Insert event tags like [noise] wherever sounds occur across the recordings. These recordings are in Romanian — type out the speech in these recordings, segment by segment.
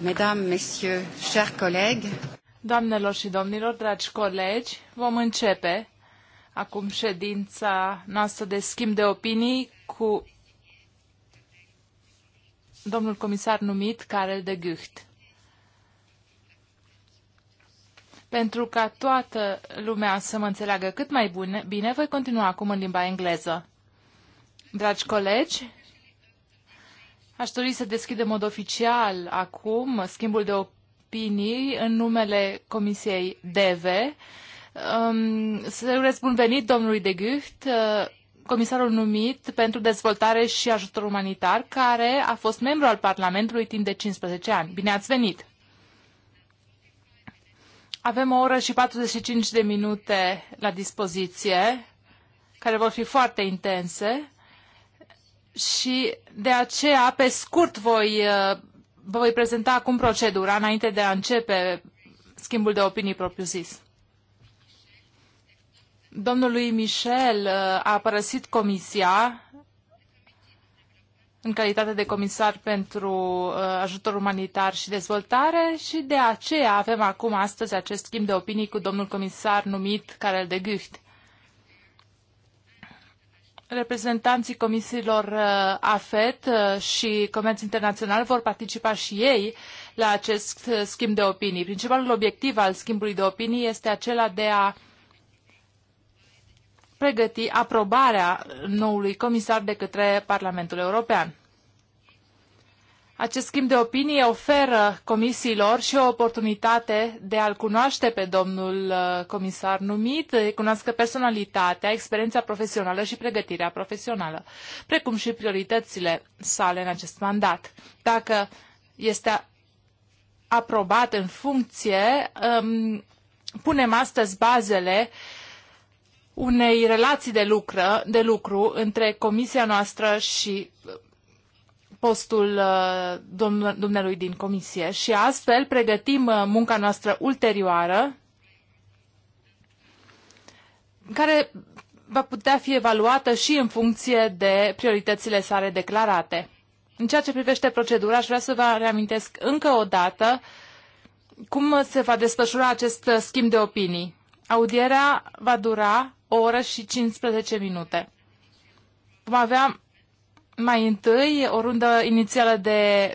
Mesdames, Messieurs, chers collègues. Doamnelor și domnilor, dragi colegi, vom începe acum ședința noastră de schimb de opinii cu domnul comisar numit Karel de Gucht. Pentru ca toată lumea să mă înțeleagă cât mai bune, bine, voi continua acum în limba engleză. Dragi colegi, Aș dori să deschid în mod oficial acum schimbul de opinii în numele Comisiei DEVE. Um, să urez bun venit domnului de Gucht, uh, comisarul numit pentru dezvoltare și ajutor umanitar, care a fost membru al Parlamentului timp de 15 ani. Bine ați venit! Avem o oră și 45 de minute la dispoziție, care vor fi foarte intense și de aceea, pe scurt, voi, uh, vă voi prezenta acum procedura înainte de a începe schimbul de opinii propriu-zis. Domnului Michel uh, a părăsit comisia în calitate de comisar pentru uh, ajutor umanitar și dezvoltare și de aceea avem acum astăzi acest schimb de opinii cu domnul comisar numit Karel de Gucht reprezentanții comisiilor uh, AFET uh, și Comerț Internațional vor participa și ei la acest uh, schimb de opinii. Principalul obiectiv al schimbului de opinii este acela de a pregăti aprobarea noului comisar de către Parlamentul European. Acest schimb de opinie oferă comisiilor și o oportunitate de a-l cunoaște pe domnul uh, comisar numit, cunoască personalitatea, experiența profesională și pregătirea profesională, precum și prioritățile sale în acest mandat. Dacă este aprobat în funcție, um, punem astăzi bazele unei relații de, lucră, de lucru între comisia noastră și postul uh, domnului din comisie și astfel pregătim uh, munca noastră ulterioară care va putea fi evaluată și în funcție de prioritățile sale declarate. În ceea ce privește procedura, aș vrea să vă reamintesc încă o dată cum se va desfășura acest uh, schimb de opinii. Audierea va dura o oră și 15 minute. Vom avea mai întâi o rundă inițială de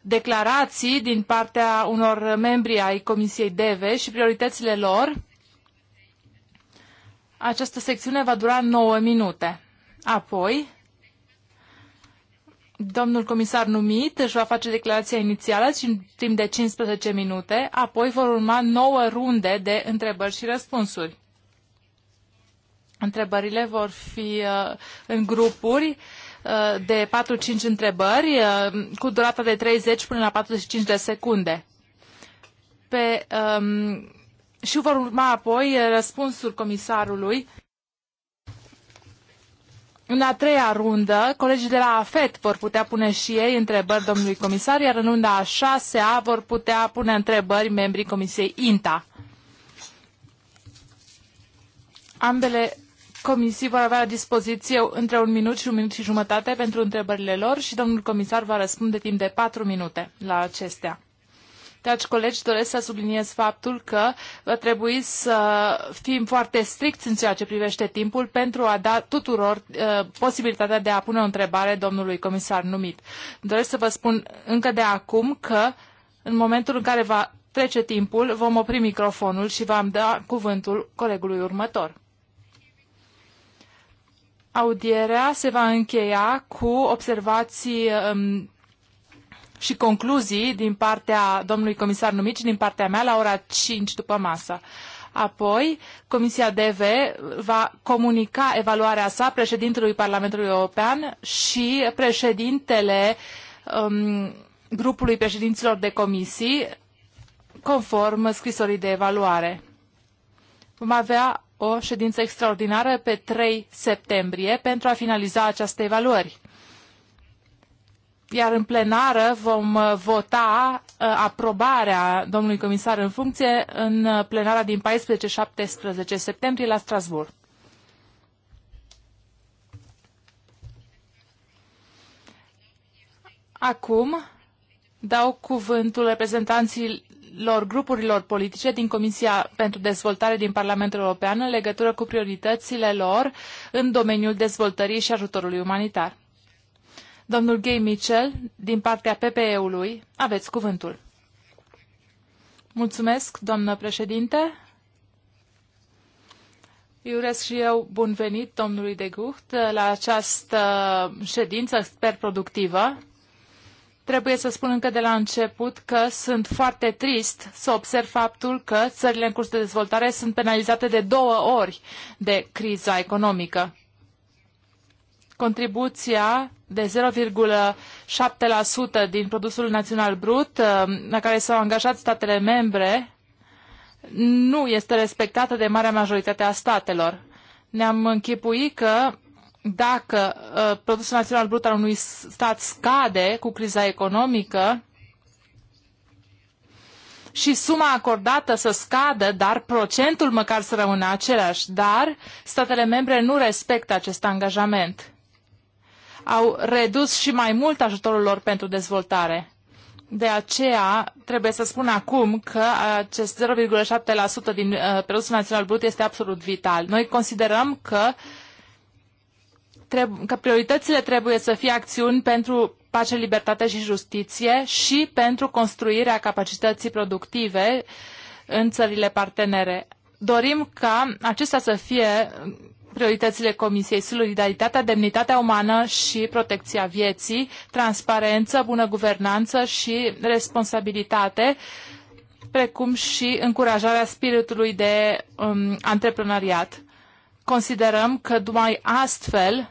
declarații din partea unor membri ai Comisiei DEVE și prioritățile lor. Această secțiune va dura 9 minute. Apoi, domnul comisar numit își va face declarația inițială și în timp de 15 minute, apoi vor urma 9 runde de întrebări și răspunsuri. Întrebările vor fi uh, în grupuri Uh, de 4-5 întrebări uh, cu durata de 30 până la 45 de secunde. Pe, um, și vor urma apoi uh, răspunsul comisarului. În a treia rundă, colegii de la AFET vor putea pune și ei întrebări domnului comisar, iar în runda a șasea vor putea pune întrebări membrii Comisiei INTA. Ambele comisii vor avea la dispoziție între un minut și un minut și jumătate pentru întrebările lor și domnul comisar va răspunde timp de patru minute la acestea. Dragi colegi, doresc să subliniez faptul că va trebui să fim foarte stricți în ceea ce privește timpul pentru a da tuturor uh, posibilitatea de a pune o întrebare domnului comisar numit. Doresc să vă spun încă de acum că în momentul în care va trece timpul, vom opri microfonul și vom da cuvântul colegului următor. Audierea se va încheia cu observații um, și concluzii din partea domnului comisar numit și din partea mea la ora 5 după masă. Apoi, Comisia DV va comunica evaluarea sa președintelui Parlamentului European și președintele um, grupului președinților de comisii, conform scrisorii de evaluare. Vom avea o ședință extraordinară pe 3 septembrie pentru a finaliza aceste evaluări. Iar în plenară vom uh, vota uh, aprobarea domnului comisar în funcție în uh, plenara din 14-17 septembrie la Strasbourg. Acum dau cuvântul reprezentanții lor grupurilor politice din Comisia pentru Dezvoltare din Parlamentul European în legătură cu prioritățile lor în domeniul dezvoltării și ajutorului umanitar. Domnul Gay Mitchell, din partea PPE-ului, aveți cuvântul. Mulțumesc, doamnă președinte. Îi urez și eu bun venit domnului de Gucht la această ședință, sper, productivă. Trebuie să spun încă de la început că sunt foarte trist să observ faptul că țările în curs de dezvoltare sunt penalizate de două ori de criza economică. Contribuția de 0,7% din produsul național brut uh, la care s-au angajat statele membre nu este respectată de marea majoritate a statelor. Ne-am închipui că dacă uh, produsul național brut al unui stat scade cu criza economică și suma acordată să scadă, dar procentul măcar să rămână același, dar statele membre nu respectă acest angajament. Au redus și mai mult ajutorul lor pentru dezvoltare. De aceea trebuie să spun acum că acest 0,7% din uh, produsul național brut este absolut vital. Noi considerăm că uh, că prioritățile trebuie să fie acțiuni pentru pace, libertate și justiție și pentru construirea capacității productive în țările partenere. Dorim ca acestea să fie prioritățile Comisiei, solidaritatea, demnitatea umană și protecția vieții, transparență, bună guvernanță și responsabilitate, precum și încurajarea spiritului de um, antreprenoriat. Considerăm că numai astfel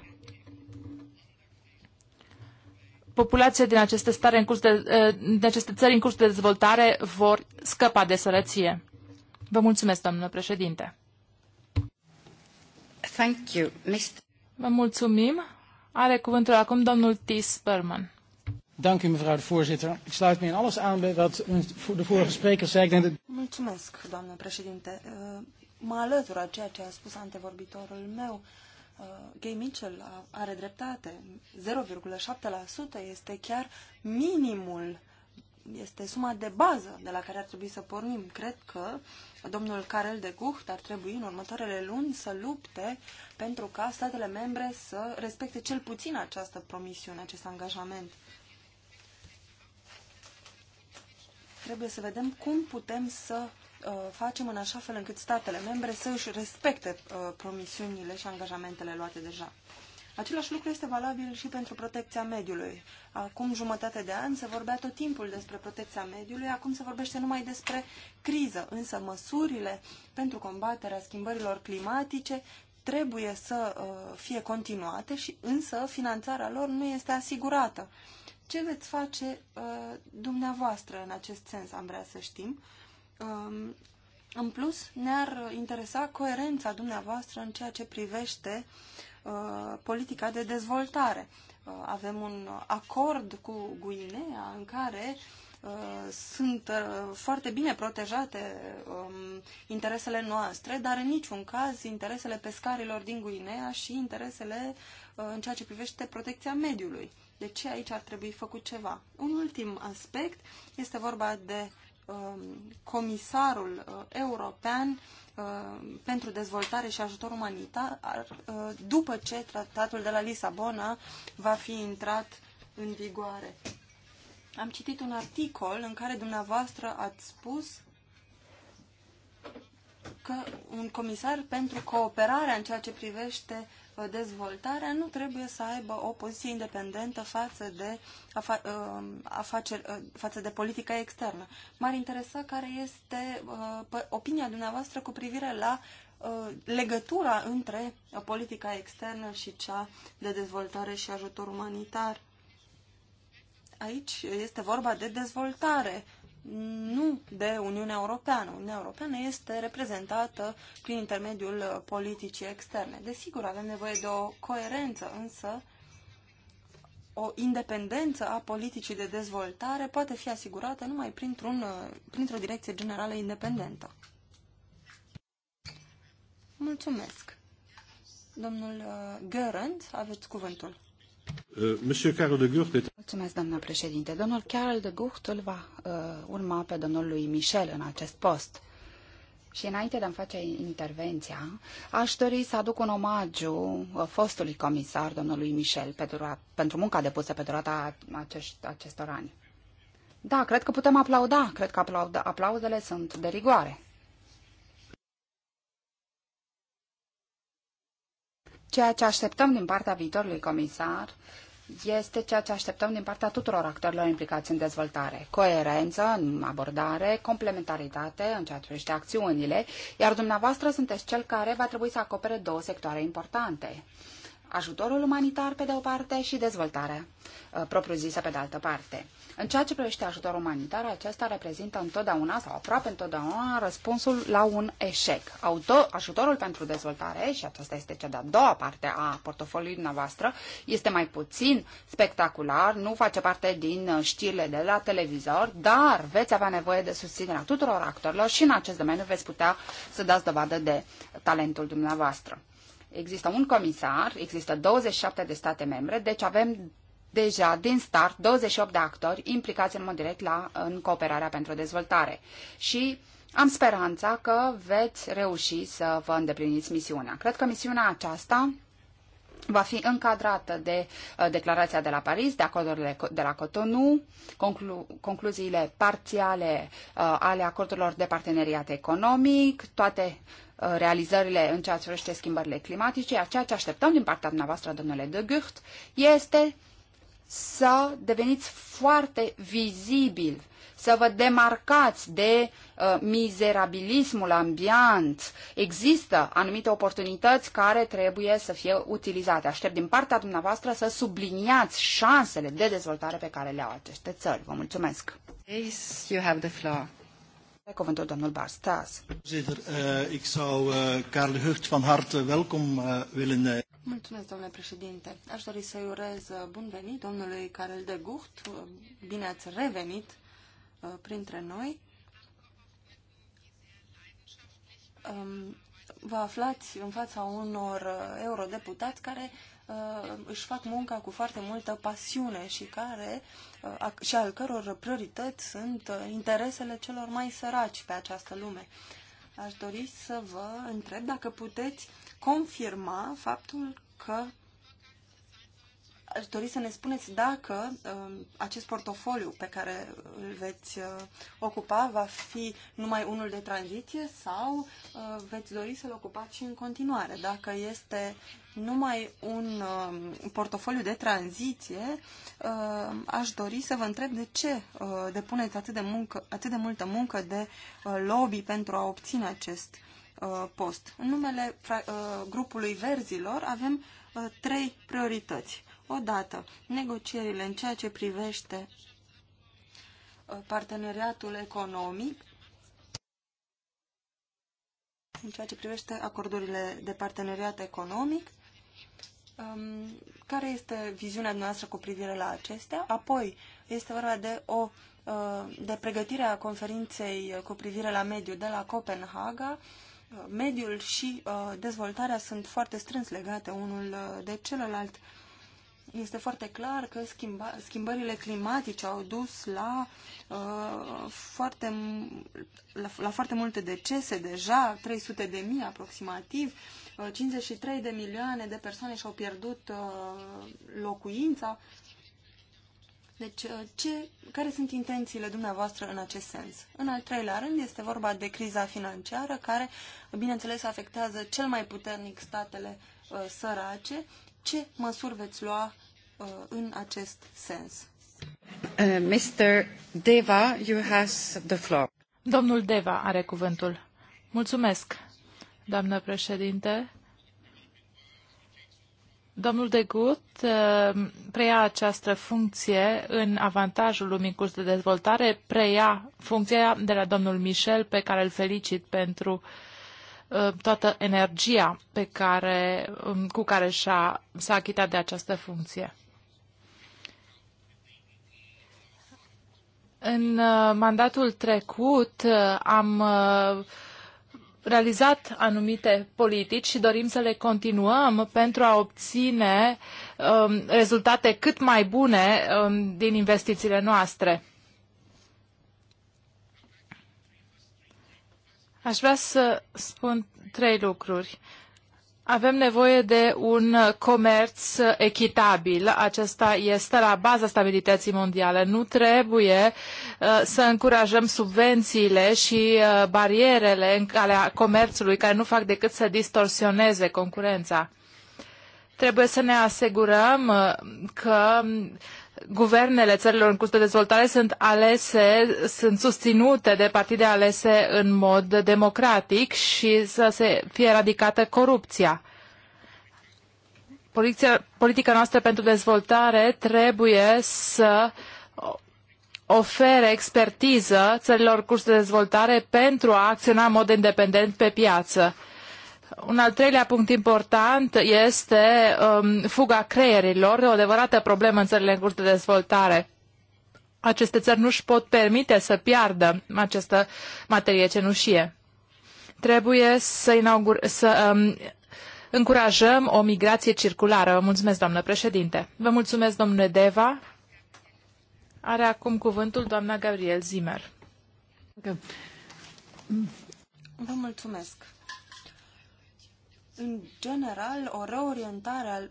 populația din aceste, stare în curs de, eh, din aceste țări în curs de dezvoltare vor scăpa de sărăcie. Vă mulțumesc, domnule președinte. Thank you, Mr. Vă mulțumim. Are cuvântul acum domnul Tis Berman. Dank u, mevrouw de voorzitter. Ik sluit me in alles aan bij wat de vorige spreker zei. Ik denk dat... Mulțumesc, doamnă președinte. Eh, mă alătur a ceea ce a spus antevorbitorul meu. Uh, Uh, Gay Mitchell are dreptate. 0,7% este chiar minimul, este suma de bază de la care ar trebui să pornim. Cred că domnul Karel de Gucht ar trebui în următoarele luni să lupte pentru ca statele membre să respecte cel puțin această promisiune, acest angajament. Trebuie să vedem cum putem să Uh, facem în așa fel încât statele membre să își respecte uh, promisiunile și angajamentele luate deja. Același lucru este valabil și pentru protecția mediului. Acum jumătate de an se vorbea tot timpul despre protecția mediului, acum se vorbește numai despre criză, însă măsurile pentru combaterea schimbărilor climatice trebuie să uh, fie continuate și însă finanțarea lor nu este asigurată. Ce veți face uh, dumneavoastră în acest sens, am vrea să știm, Um, în plus, ne-ar interesa coerența dumneavoastră în ceea ce privește uh, politica de dezvoltare. Uh, avem un acord cu Guinea în care uh, sunt foarte bine protejate um, interesele noastre, dar în niciun caz interesele pescarilor din Guinea și interesele în ceea ce privește protecția mediului. De deci ce aici ar trebui făcut ceva? Un ultim aspect este vorba de Um, comisarul uh, european uh, pentru dezvoltare și ajutor umanitar uh, după ce tratatul de la Lisabona va fi intrat în vigoare. Am citit un articol în care dumneavoastră ați spus că un comisar pentru cooperarea în ceea ce privește dezvoltarea nu trebuie să aibă o poziție independentă față de, afa, ă, afaceri, ă, față de politica externă. M-ar interesa care este ă, opinia dumneavoastră cu privire la legătura între politica externă și cea de dezvoltare și ajutor umanitar. Aici este vorba de dezvoltare nu de Uniunea Europeană. Uniunea Europeană este reprezentată prin intermediul politicii externe. Desigur, avem nevoie de o coerență, însă o independență a politicii de dezvoltare poate fi asigurată numai printr-un, printr-o direcție generală independentă. Mulțumesc. Domnul uh, Gerend, aveți cuvântul. Euh, Monsieur de Gucht Mulțumesc, doamnă președinte. Domnul Carol de Gucht îl va uh, urma pe domnul lui Michel în acest post. Și înainte de a-mi face intervenția, aș dori să aduc un omagiu uh, fostului comisar, domnului Michel, pentru, a, pentru munca depusă pe durata acești, acestor ani. Da, cred că putem aplauda. Cred că aplauda, aplauzele sunt de rigoare. Ceea ce așteptăm din partea viitorului comisar este ceea ce așteptăm din partea tuturor actorilor implicați în dezvoltare. Coerență în abordare, complementaritate în ceea ce privește acțiunile, iar dumneavoastră sunteți cel care va trebui să acopere două sectoare importante ajutorul umanitar pe de o parte și dezvoltarea uh, propriu-zisă pe de altă parte. În ceea ce privește ajutorul umanitar, acesta reprezintă întotdeauna sau aproape întotdeauna răspunsul la un eșec. Auto, ajutorul pentru dezvoltare, și aceasta este cea de-a doua parte a portofoliului dumneavoastră, este mai puțin spectacular, nu face parte din uh, știrile de la televizor, dar veți avea nevoie de susținerea tuturor actorilor și în acest domeniu veți putea să dați dovadă de talentul dumneavoastră există un comisar, există 27 de state membre, deci avem deja din start 28 de actori implicați în mod direct la, în cooperarea pentru dezvoltare. Și am speranța că veți reuși să vă îndepliniți misiunea. Cred că misiunea aceasta va fi încadrată de uh, declarația de la Paris, de acordurile de la Cotonou, conclu- concluziile parțiale uh, ale acordurilor de parteneriat economic, toate uh, realizările în ceea ce privește schimbările climatice, iar ceea ce așteptăm din partea dumneavoastră, domnule de Gucht, este să deveniți foarte vizibil să vă demarcați de uh, mizerabilismul ambiant. Există anumite oportunități care trebuie să fie utilizate. Aștept din partea dumneavoastră să subliniați șansele de dezvoltare pe care le au aceste țări. Vă mulțumesc! Yes, you have the floor. cuvântul domnul Barstas. Voorzitter, uh, ik zou uh, Karel Hucht van harte welkom uh, willen... Uh... Mulțumesc, domnule președinte. Aș dori să-i urez bun venit domnului carl de Gucht. Bine ați revenit Uh, printre noi. Um, vă aflați în fața unor uh, eurodeputați care uh, își fac munca cu foarte multă pasiune și care și al căror priorități sunt interesele celor mai săraci pe această lume. Aș dori să vă întreb dacă puteți confirma faptul că aș dori să ne spuneți dacă um, acest portofoliu pe care îl veți uh, ocupa va fi numai unul de tranziție sau uh, veți dori să-l ocupați și în continuare. Dacă este numai un um, portofoliu de tranziție, uh, aș dori să vă întreb de ce depuneți atât de, muncă, atât de multă muncă de lobby pentru a obține acest post. În numele grupului verzilor avem trei priorități Odată, negocierile în ceea ce privește uh, parteneriatul economic, în ceea ce privește acordurile de parteneriat economic, um, care este viziunea noastră cu privire la acestea. Apoi, este vorba de o uh, de pregătirea conferinței cu privire la mediu de la Copenhaga. Uh, mediul și dezvoltarea sunt foarte strâns legate unul de celălalt este foarte clar că schimba, schimbările climatice au dus la, uh, foarte, la, la foarte multe decese deja, 300 de mii aproximativ, uh, 53 de milioane de persoane și-au pierdut uh, locuința. Deci, uh, ce, care sunt intențiile dumneavoastră în acest sens? În al treilea rând, este vorba de criza financiară, care, bineînțeles, afectează cel mai puternic statele uh, sărace ce măsuri veți lua uh, în acest sens? Uh, Mr. Deva, you has the floor. Domnul Deva are cuvântul. Mulțumesc, doamnă președinte. Domnul de Gut uh, preia această funcție în avantajul lumii curs de dezvoltare, preia funcția de la domnul Michel, pe care îl felicit pentru uh, Uh, toată energia pe care, um, cu care și-a, s-a achitat de această funcție. În uh, mandatul trecut uh, am realizat anumite politici și dorim să le continuăm pentru a obține um, rezultate cât mai bune um, din investițiile noastre. Aș vrea să spun trei lucruri. Avem nevoie de un comerț echitabil. Acesta este la baza stabilității mondiale. Nu trebuie uh, să încurajăm subvențiile și uh, barierele în calea comerțului care nu fac decât să distorsioneze concurența. Trebuie să ne asigurăm uh, că guvernele țărilor în curs de dezvoltare sunt alese, sunt susținute de partide alese în mod democratic și să se fie eradicată corupția. Politica, politica noastră pentru dezvoltare trebuie să ofere expertiză țărilor curs de dezvoltare pentru a acționa în mod independent pe piață. Un al treilea punct important este um, fuga creierilor, o adevărată problemă în țările în curs de dezvoltare. Aceste țări nu își pot permite să piardă această materie cenușie. Trebuie să, inaugur, să um, încurajăm o migrație circulară. Vă mulțumesc, doamnă președinte. Vă mulțumesc, domnule Deva. Are acum cuvântul doamna Gabriel Zimmer. Vă mulțumesc în general, o reorientare al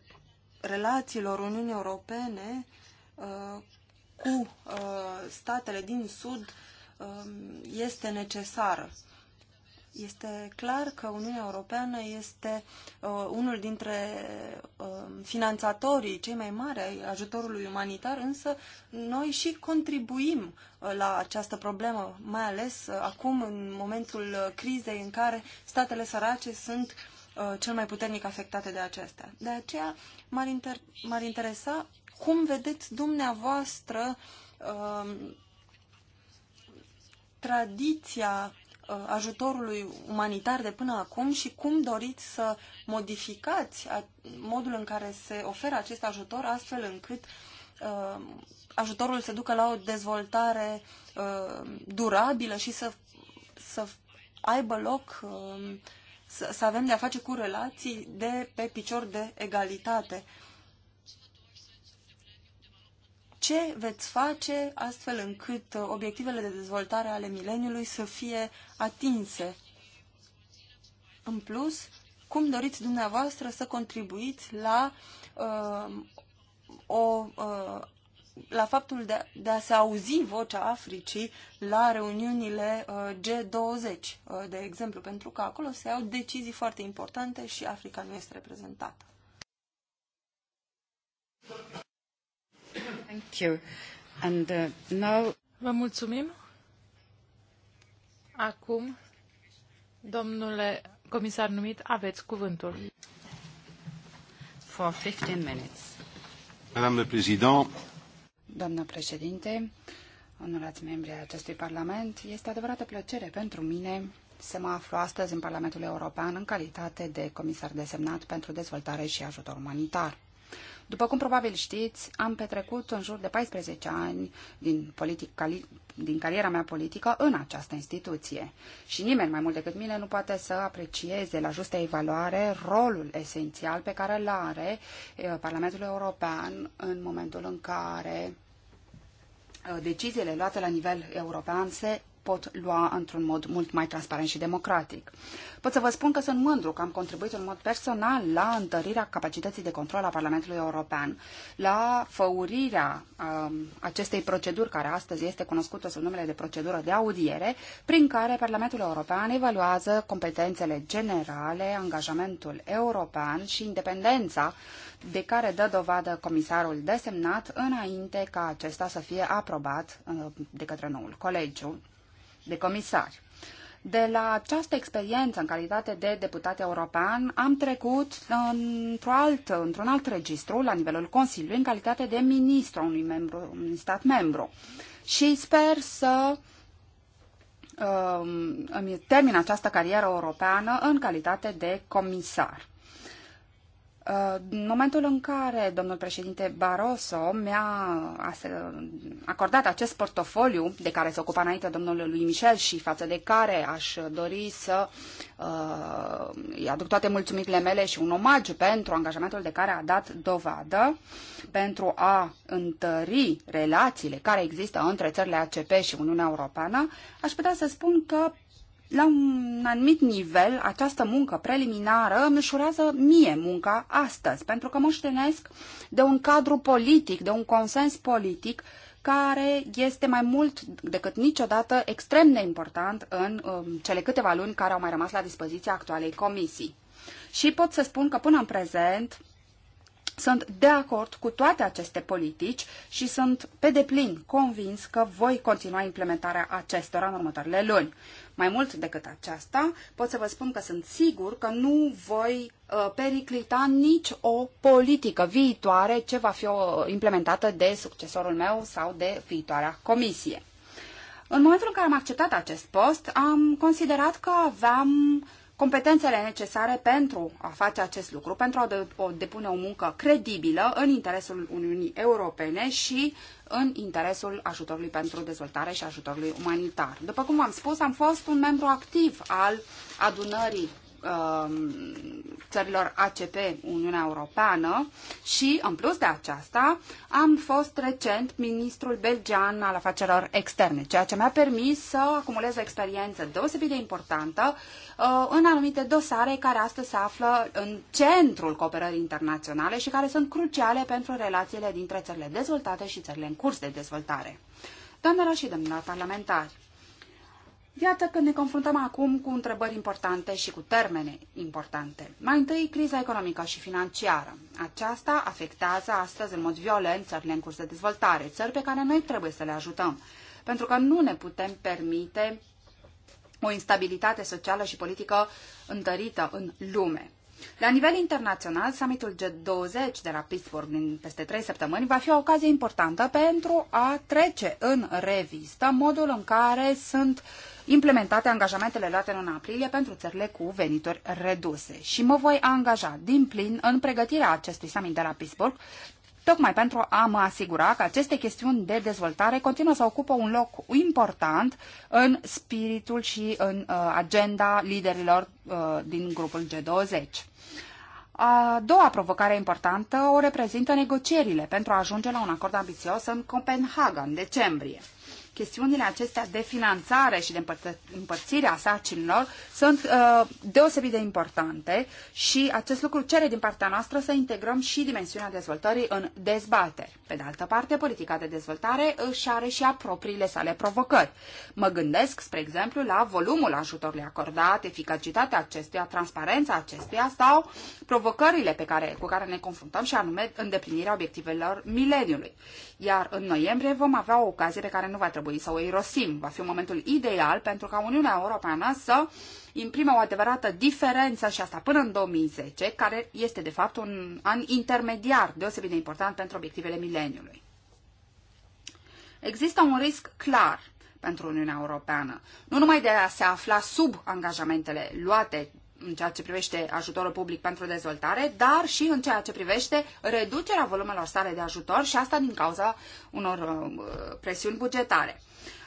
relațiilor Uniunii Europene uh, cu uh, statele din Sud um, este necesară. Este clar că Uniunea Europeană este uh, unul dintre uh, finanțatorii cei mai mari ai ajutorului umanitar, însă noi și contribuim uh, la această problemă, mai ales uh, acum în momentul uh, crizei în care statele sărace sunt uh, Uh, cel mai puternic afectate de acestea. De aceea m-ar, inter- m-ar interesa cum vedeți dumneavoastră uh, tradiția uh, ajutorului umanitar de până acum și cum doriți să modificați modul în care se oferă acest ajutor astfel încât ajutorul să ducă la o dezvoltare durabilă și să, să aibă loc uh, să, să avem de a face cu relații de pe picior de egalitate. Ce veți face astfel încât uh, obiectivele de dezvoltare ale mileniului să fie atinse? În plus, cum doriți dumneavoastră să contribuiți la uh, o uh, la faptul de, de a se auzi vocea Africii la reuniunile uh, G20, uh, de exemplu, pentru că acolo se iau decizii foarte importante și Africa nu este reprezentată. Thank you. And, uh, now... Vă mulțumim. Acum, domnule comisar numit, aveți cuvântul. For 15 minutes. Madame le Président, doamnă președinte, onorați membri ai acestui Parlament. Este adevărată plăcere pentru mine să mă aflu astăzi în Parlamentul European în calitate de comisar desemnat pentru dezvoltare și ajutor umanitar. După cum probabil știți, am petrecut în jur de 14 ani din, politic, cali, din cariera mea politică în această instituție. Și nimeni mai mult decât mine nu poate să aprecieze la justă evaluare rolul esențial pe care îl are eh, Parlamentul European în momentul în care deciziile luate la nivel european se pot lua într-un mod mult mai transparent și democratic. Pot să vă spun că sunt mândru că am contribuit în mod personal la întărirea capacității de control a Parlamentului European, la făurirea um, acestei proceduri care astăzi este cunoscută sub numele de procedură de audiere, prin care Parlamentul European evaluează competențele generale, angajamentul european și independența de care dă dovadă comisarul desemnat înainte ca acesta să fie aprobat uh, de către noul colegiu de comisar. De la această experiență în calitate de deputat european am trecut într-un alt, într alt registru la nivelul Consiliului în calitate de ministru unui, membru, un stat membru. Și sper să um, îmi termin această carieră europeană în calitate de comisar. În momentul în care domnul președinte Barroso mi-a acordat acest portofoliu de care se ocupa înainte domnul lui Michel și față de care aș dori să uh, îi aduc toate mulțumirile mele și un omagiu pentru angajamentul de care a dat dovadă pentru a întări relațiile care există între țările ACP și Uniunea Europeană, aș putea să spun că la un anumit nivel, această muncă preliminară îmi ușurează mie munca astăzi, pentru că moștenesc de un cadru politic, de un consens politic care este mai mult decât niciodată extrem de important în um, cele câteva luni care au mai rămas la dispoziția actualei comisii. Și pot să spun că până în prezent sunt de acord cu toate aceste politici și sunt pe deplin convins că voi continua implementarea acestora în următoarele luni. Mai mult decât aceasta, pot să vă spun că sunt sigur că nu voi uh, periclita nici o politică viitoare ce va fi uh, implementată de succesorul meu sau de viitoarea comisie. În momentul în care am acceptat acest post, am considerat că aveam competențele necesare pentru a face acest lucru, pentru a depune o muncă credibilă în interesul Uniunii Europene și în interesul ajutorului pentru dezvoltare și ajutorului umanitar. După cum am spus, am fost un membru activ al adunării Um, țărilor ACP, Uniunea Europeană și, în plus de aceasta, am fost recent ministrul belgian al afacerilor externe, ceea ce mi-a permis să acumulez o experiență deosebit de importantă uh, în anumite dosare care astăzi se află în centrul cooperării internaționale și care sunt cruciale pentru relațiile dintre țările dezvoltate și țările în curs de dezvoltare. Doamnelor și domnilor parlamentari, Iată că ne confruntăm acum cu întrebări importante și cu termene importante. Mai întâi, criza economică și financiară. Aceasta afectează astăzi în mod violent țările în curs de dezvoltare, țări pe care noi trebuie să le ajutăm, pentru că nu ne putem permite o instabilitate socială și politică întărită în lume. La nivel internațional, summitul G20 de la Pittsburgh din peste trei săptămâni va fi o ocazie importantă pentru a trece în revistă modul în care sunt uh, implementate angajamentele luate în aprilie pentru țările cu venituri reduse. Și mă voi angaja din plin în pregătirea acestui summit de la Pittsburgh, tocmai pentru a mă asigura că aceste chestiuni de dezvoltare continuă să ocupă un loc important în spiritul și în uh, agenda liderilor uh, din grupul G20. A doua provocare importantă o reprezintă negocierile pentru a ajunge la un acord ambițios în Copenhaga, în decembrie chestiunile acestea de finanțare și de împărțirea sarcinilor sunt uh, deosebit de importante și acest lucru cere din partea noastră să integrăm și dimensiunea dezvoltării în dezbateri. Pe de altă parte, politica de dezvoltare își are și apropriile propriile sale provocări. Mă gândesc, spre exemplu, la volumul ajutorului acordat, eficacitatea acestuia, transparența acestuia sau provocările pe care, cu care ne confruntăm și anume îndeplinirea obiectivelor mileniului. Iar în noiembrie vom avea o ocazie pe care nu va trebui să o irosim. Va fi un momentul ideal pentru ca Uniunea Europeană să imprime o adevărată diferență și asta până în 2010, care este de fapt un an intermediar deosebit de important pentru obiectivele mileniului. Există un risc clar pentru Uniunea Europeană, nu numai de a se afla sub angajamentele luate în ceea ce privește ajutorul public pentru dezvoltare, dar și în ceea ce privește reducerea volumelor sale de ajutor și asta din cauza unor uh, presiuni bugetare.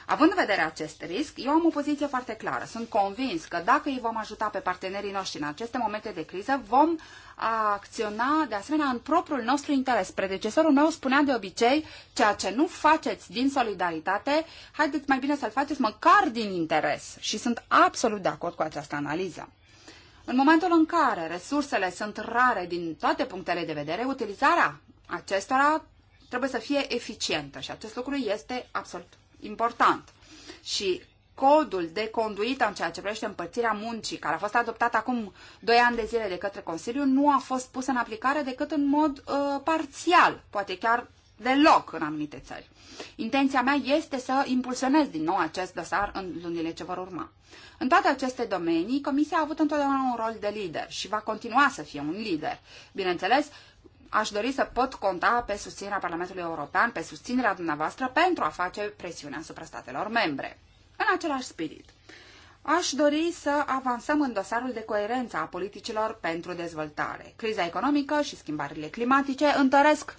Având în vedere acest risc, eu am o poziție foarte clară. Sunt convins că dacă îi vom ajuta pe partenerii noștri în aceste momente de criză, vom acționa de asemenea în propriul nostru interes. Predecesorul meu spunea de obicei, ceea ce nu faceți din solidaritate, haideți mai bine să-l faceți măcar din interes. Și sunt absolut de acord cu această analiză. În momentul în care resursele sunt rare din toate punctele de vedere, utilizarea acestora trebuie să fie eficientă și acest lucru este absolut important. Și codul de conduită în ceea ce privește împărțirea muncii, care a fost adoptat acum 2 ani de zile de către Consiliu, nu a fost pus în aplicare decât în mod uh, parțial, poate chiar deloc în anumite țări. Intenția mea este să impulsionez din nou acest dosar în lunile ce vor urma. În toate aceste domenii, Comisia a avut întotdeauna un rol de lider și va continua să fie un lider. Bineînțeles, aș dori să pot conta pe susținerea Parlamentului European, pe susținerea dumneavoastră pentru a face presiune asupra statelor membre. În același spirit, Aș dori să avansăm în dosarul de coerență a politicilor pentru dezvoltare. Criza economică și schimbările climatice întăresc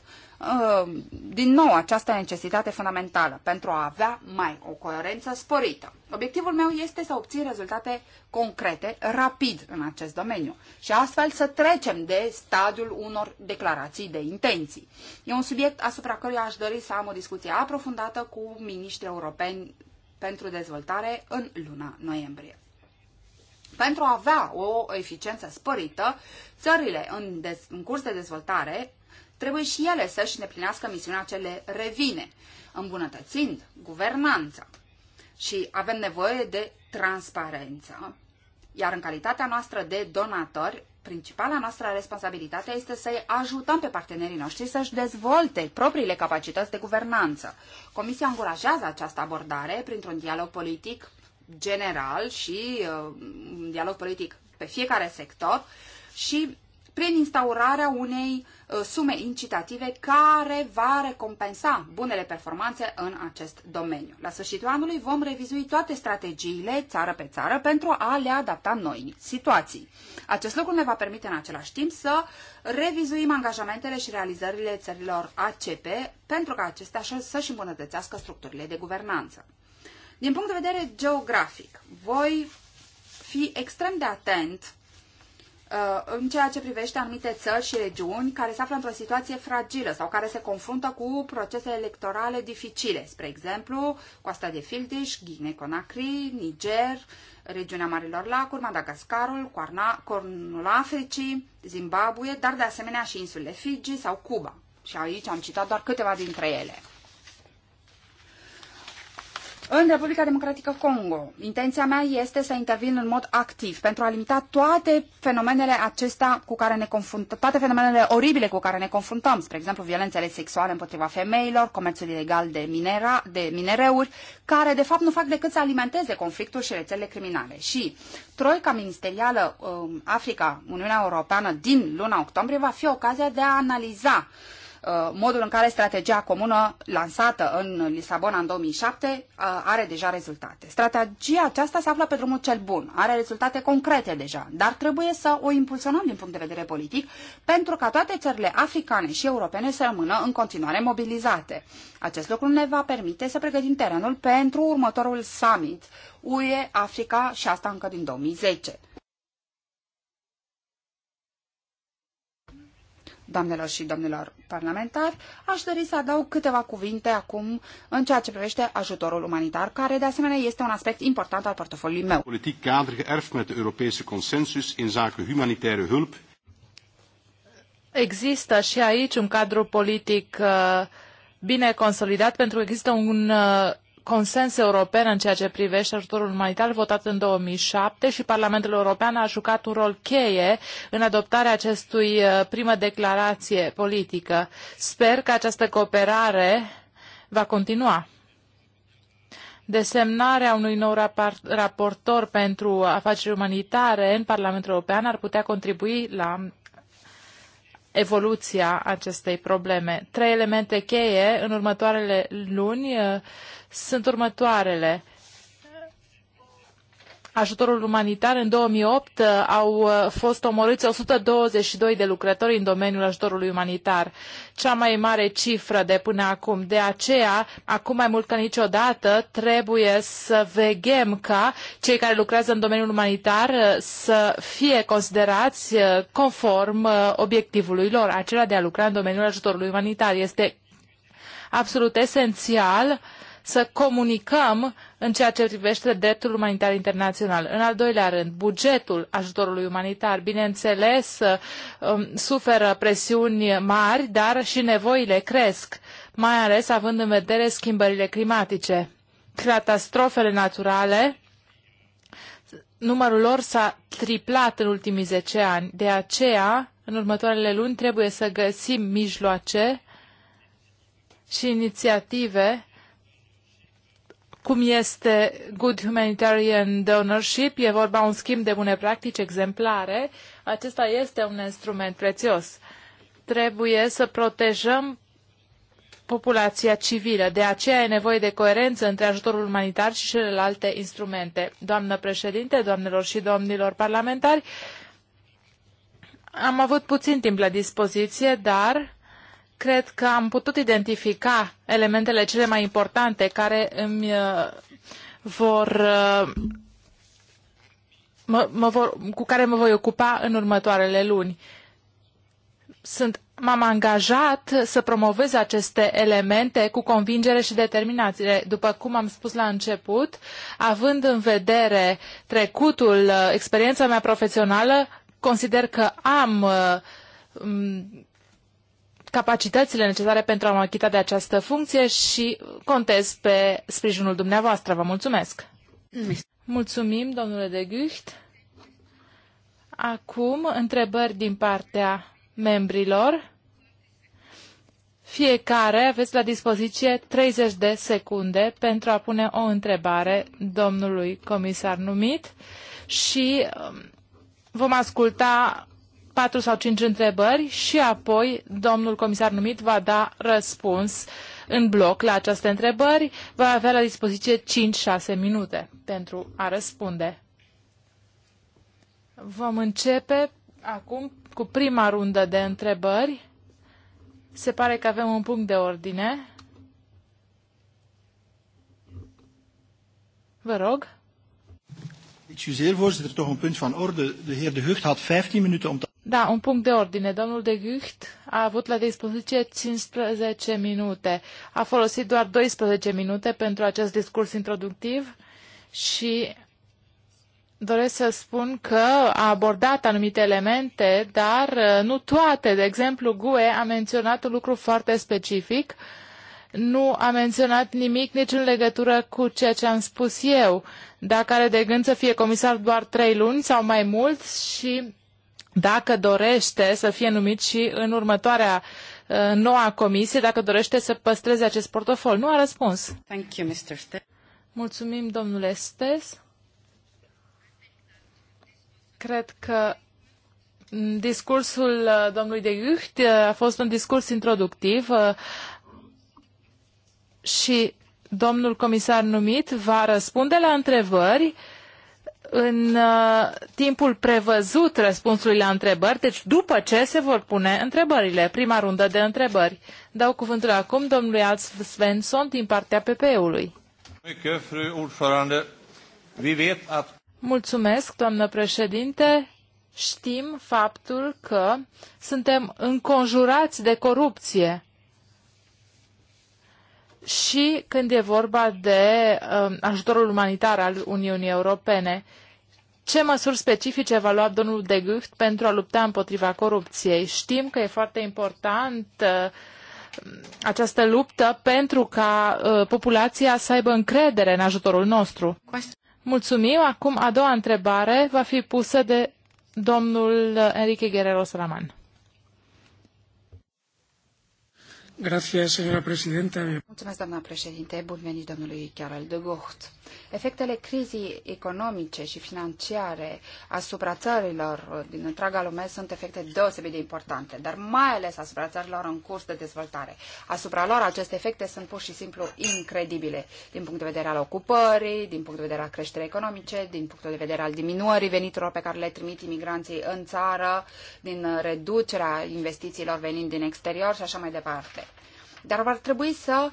Uh, din nou această necesitate fundamentală pentru a avea mai o coerență sporită. Obiectivul meu este să obțin rezultate concrete, rapid în acest domeniu și astfel să trecem de stadiul unor declarații de intenții. E un subiect asupra căruia aș dori să am o discuție aprofundată cu miniștri europeni pentru dezvoltare în luna noiembrie. Pentru a avea o eficiență sporită, țările în, dez- în curs de dezvoltare trebuie și ele să-și îndeplinească misiunea ce le revine, îmbunătățind guvernanța. Și avem nevoie de transparență. Iar în calitatea noastră de donatori, principala noastră responsabilitate este să-i ajutăm pe partenerii noștri să-și dezvolte propriile capacități de guvernanță. Comisia încurajează această abordare printr-un dialog politic general și uh, un dialog politic pe fiecare sector și prin instaurarea unei uh, sume incitative care va recompensa bunele performanțe în acest domeniu. La sfârșitul anului vom revizui toate strategiile țară pe țară pentru a le adapta noi situații. Acest lucru ne va permite în același timp să revizuim angajamentele și realizările țărilor ACP pentru ca acestea să-și îmbunătățească structurile de guvernanță. Din punct de vedere geografic, voi fi extrem de atent Uh, în ceea ce privește anumite țări și regiuni care se află într-o situație fragilă sau care se confruntă cu procese electorale dificile, spre exemplu Coasta de Fildiș, Guinea-Conakry, Niger, regiunea Marilor Lacuri, Madagascarul, Corna, Cornul Africii, Zimbabwe, dar de asemenea și insulele Fiji sau Cuba. Și aici am citat doar câteva dintre ele în Republica Democratică Congo. Intenția mea este să intervin în mod activ pentru a limita toate fenomenele acestea cu care ne confruntăm, toate fenomenele oribile cu care ne confruntăm, spre exemplu violențele sexuale împotriva femeilor, comerțul ilegal de, minera, de minereuri, care de fapt nu fac decât să alimenteze conflictul și rețelele criminale. Și Troica Ministerială um, Africa, Uniunea Europeană din luna octombrie va fi ocazia de a analiza uh, Uh, modul în care strategia comună lansată în Lisabona în 2007 uh, are deja rezultate. Strategia aceasta se află pe drumul cel bun, are rezultate concrete deja, dar trebuie să o impulsionăm din punct de vedere politic pentru ca toate țările africane și europene să rămână în continuare mobilizate. Acest lucru ne va permite să pregătim terenul pentru următorul summit UE-Africa și asta încă din 2010. doamnelor și domnilor parlamentari, aș dori să adaug câteva cuvinte acum în ceea ce privește ajutorul umanitar, care de asemenea este un aspect important al portofoliului meu. Politic kader geërfd met de Europese consensus in zaken humanitaire hulp. Există și aici un cadru politic uh, bine consolidat pentru că există un uh, consens european în ceea ce privește ajutorul umanitar votat în 2007 și Parlamentul European a jucat un rol cheie în adoptarea acestui uh, primă declarație politică. Sper că această cooperare va continua. Desemnarea unui nou raportor pentru afaceri umanitare în Parlamentul European ar putea contribui la evoluția acestei probleme. Trei elemente cheie în următoarele luni uh, sunt următoarele ajutorul umanitar. În 2008 uh, au uh, fost omorâți 122 de lucrători în domeniul ajutorului umanitar, cea mai mare cifră de până acum. De aceea, acum mai mult ca niciodată, trebuie să veghem ca cei care lucrează în domeniul umanitar uh, să fie considerați conform obiectivului lor, acela de a lucra în domeniul ajutorului umanitar. Este absolut esențial uh, să comunicăm în ceea ce privește dreptul umanitar internațional. În al doilea rând, bugetul ajutorului umanitar, bineînțeles, um, suferă presiuni mari, dar și nevoile cresc, mai ales având în vedere schimbările climatice. Catastrofele naturale numărul lor s-a triplat în ultimii 10 ani. De aceea, în următoarele luni, trebuie să găsim mijloace și inițiative cum este Good Humanitarian Donorship. E vorba un schimb de bune practici exemplare. Acesta este un instrument prețios. Trebuie să protejăm populația civilă. De aceea e nevoie de coerență între ajutorul umanitar și celelalte instrumente. Doamnă președinte, doamnelor și domnilor parlamentari, am avut puțin timp la dispoziție, dar cred că am putut identifica elementele cele mai importante care îmi uh, vor uh, mă, mă vor, cu care mă voi ocupa în următoarele luni. Sunt, m-am angajat să promovez aceste elemente cu convingere și determinație. După cum am spus la început, având în vedere trecutul, uh, experiența mea profesională, consider că am capacitățile necesare pentru a mă achita de această funcție și contez pe sprijinul dumneavoastră. Vă mulțumesc! Mulțumim, domnule de Gucht. Acum, întrebări din partea membrilor. Fiecare aveți la dispoziție 30 de secunde pentru a pune o întrebare domnului comisar numit și um, vom asculta patru sau cinci întrebări și apoi domnul comisar numit va da răspuns în bloc la aceste întrebări. Va avea la dispoziție 5-6 minute pentru a răspunde. Vom începe acum cu prima rundă de întrebări. Se pare că avem un punct de ordine. Vă rog. Excuseer, voorzitter, toch een punt van orde. De heer De Hucht had 15 minuten om te... Da, un punct de ordine. Domnul de Gucht a avut la dispoziție 15 minute. A folosit doar 12 minute pentru acest discurs introductiv și doresc să spun că a abordat anumite elemente, dar uh, nu toate. De exemplu, GUE a menționat un lucru foarte specific. Nu a menționat nimic nici în legătură cu ceea ce am spus eu, dacă are de gând să fie comisar doar trei luni sau mai mult și dacă dorește să fie numit și în următoarea uh, noua comisie, dacă dorește să păstreze acest portofol. Nu a răspuns. Thank you, Mr. Mulțumim, domnule Stes. Cred că discursul uh, domnului de Gucht uh, a fost un discurs introductiv și domnul comisar numit va răspunde la întrebări în uh, timpul prevăzut răspunsului la întrebări, deci după ce se vor pune întrebările, prima rundă de întrebări. Dau cuvântul acum domnului Alf Svensson din partea PP-ului. Mulțumesc, doamnă președinte. Știm faptul că suntem înconjurați de corupție și când e vorba de uh, ajutorul umanitar al Uniunii Europene. Ce măsuri specifice va lua domnul de Gucht pentru a lupta împotriva corupției? Știm că e foarte important uh, această luptă pentru ca uh, populația să aibă încredere în ajutorul nostru. Mulțumim. Acum a doua întrebare va fi pusă de domnul Enrique Guerrero Salaman. Mulțumesc, doamna președinte. Bun venit domnului Carol de Gucht. Efectele crizii economice și financiare asupra țărilor din întreaga lume sunt efecte deosebit de importante, dar mai ales asupra țărilor în curs de dezvoltare. Asupra lor aceste efecte sunt pur și simplu incredibile din punct de vedere al ocupării, din punct de vedere al creșterii economice, din punct de vedere al diminuării veniturilor pe care le trimit imigranții în țară, din reducerea investițiilor venind din exterior și așa mai departe dar ar trebui să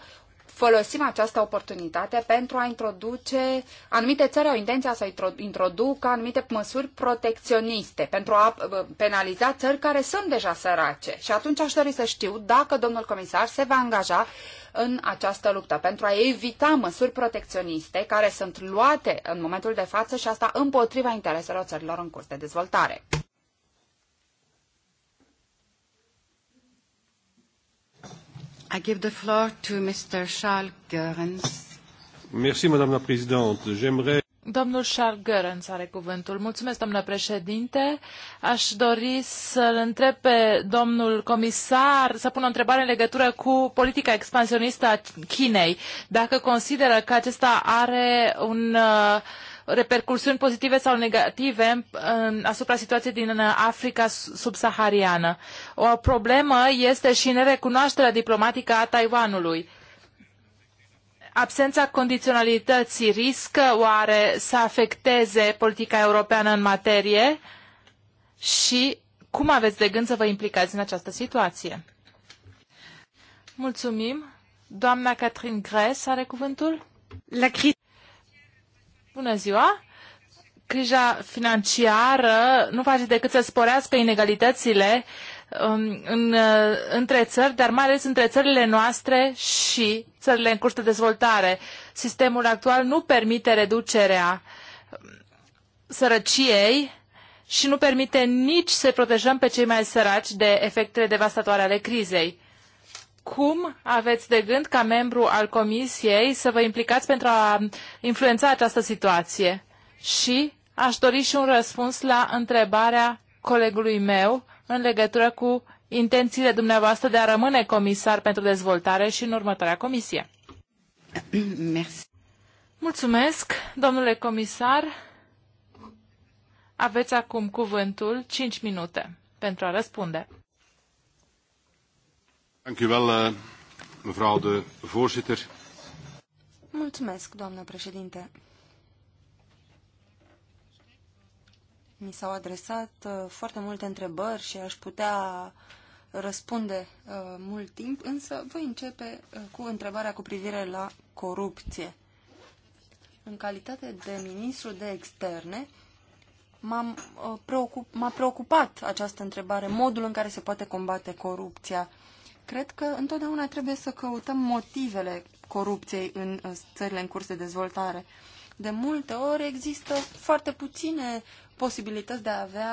folosim această oportunitate pentru a introduce, anumite țări au intenția să introducă anumite măsuri protecționiste pentru a uh, penaliza țări care sunt deja sărace. Și atunci aș dori să știu dacă domnul comisar se va angaja în această luptă pentru a evita măsuri protecționiste care sunt luate în momentul de față și asta împotriva intereselor țărilor în curs de dezvoltare. I give the floor to Mr. Charles Goerens. Merci, Madame la Présidente. J'aimerais... Domnul Charles Goerens are cuvântul. Mulțumesc, doamnă președinte. Aș dori să-l întreb pe domnul comisar să pună o întrebare în legătură cu politica expansionistă a Chinei. Dacă consideră că acesta are un uh, repercursiuni pozitive sau negative asupra situației din Africa subsahariană. O problemă este și nerecunoașterea diplomatică a Taiwanului. Absența condiționalității riscă oare să afecteze politica europeană în materie și cum aveți de gând să vă implicați în această situație? Mulțumim. Doamna Catherine Gres are cuvântul. La cri- Bună ziua! Criza financiară nu face decât să sporească inegalitățile um, în, uh, între țări, dar mai ales între țările noastre și țările în curs de dezvoltare. Sistemul actual nu permite reducerea um, sărăciei și nu permite nici să protejăm pe cei mai săraci de efectele devastatoare ale crizei cum aveți de gând ca membru al Comisiei să vă implicați pentru a influența această situație? Și aș dori și un răspuns la întrebarea colegului meu în legătură cu intențiile dumneavoastră de a rămâne comisar pentru dezvoltare și în următoarea comisie. [clears throat] Merci. Mulțumesc, domnule comisar. Aveți acum cuvântul 5 minute pentru a răspunde. Dank u wel, eh, mevrouw de voorzitter. Mulțumesc, doamnă președinte. Mi s-au adresat eh, foarte multe întrebări și aș putea răspunde eh, mult timp, însă voi începe cu întrebarea cu privire la corupție. În calitate de ministru de externe, m-a preocup, preocupat această întrebare, modul în care se poate combate corupția. Cred că întotdeauna trebuie să căutăm motivele corupției în uh, țările în curs de dezvoltare. De multe ori există foarte puține posibilități de a avea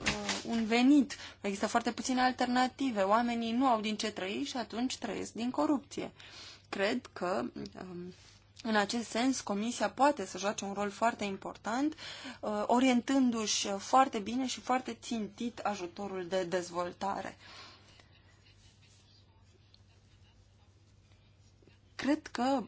uh, un venit. Există foarte puține alternative. Oamenii nu au din ce trăi și atunci trăiesc din corupție. Cred că um, în acest sens, Comisia poate să joace un rol foarte important, uh, orientându-și foarte bine și foarte țintit ajutorul de dezvoltare. cred că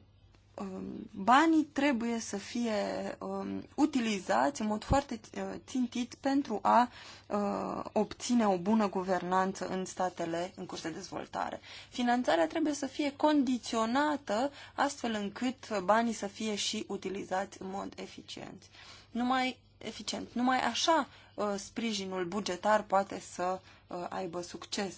um, banii trebuie să fie um, utilizați în mod foarte uh, țintit pentru a uh, obține o bună guvernanță în statele în curs de dezvoltare. Finanțarea trebuie să fie condiționată astfel încât banii să fie și utilizați în mod eficient. Numai eficient. Numai așa uh, sprijinul bugetar poate să uh, aibă succes.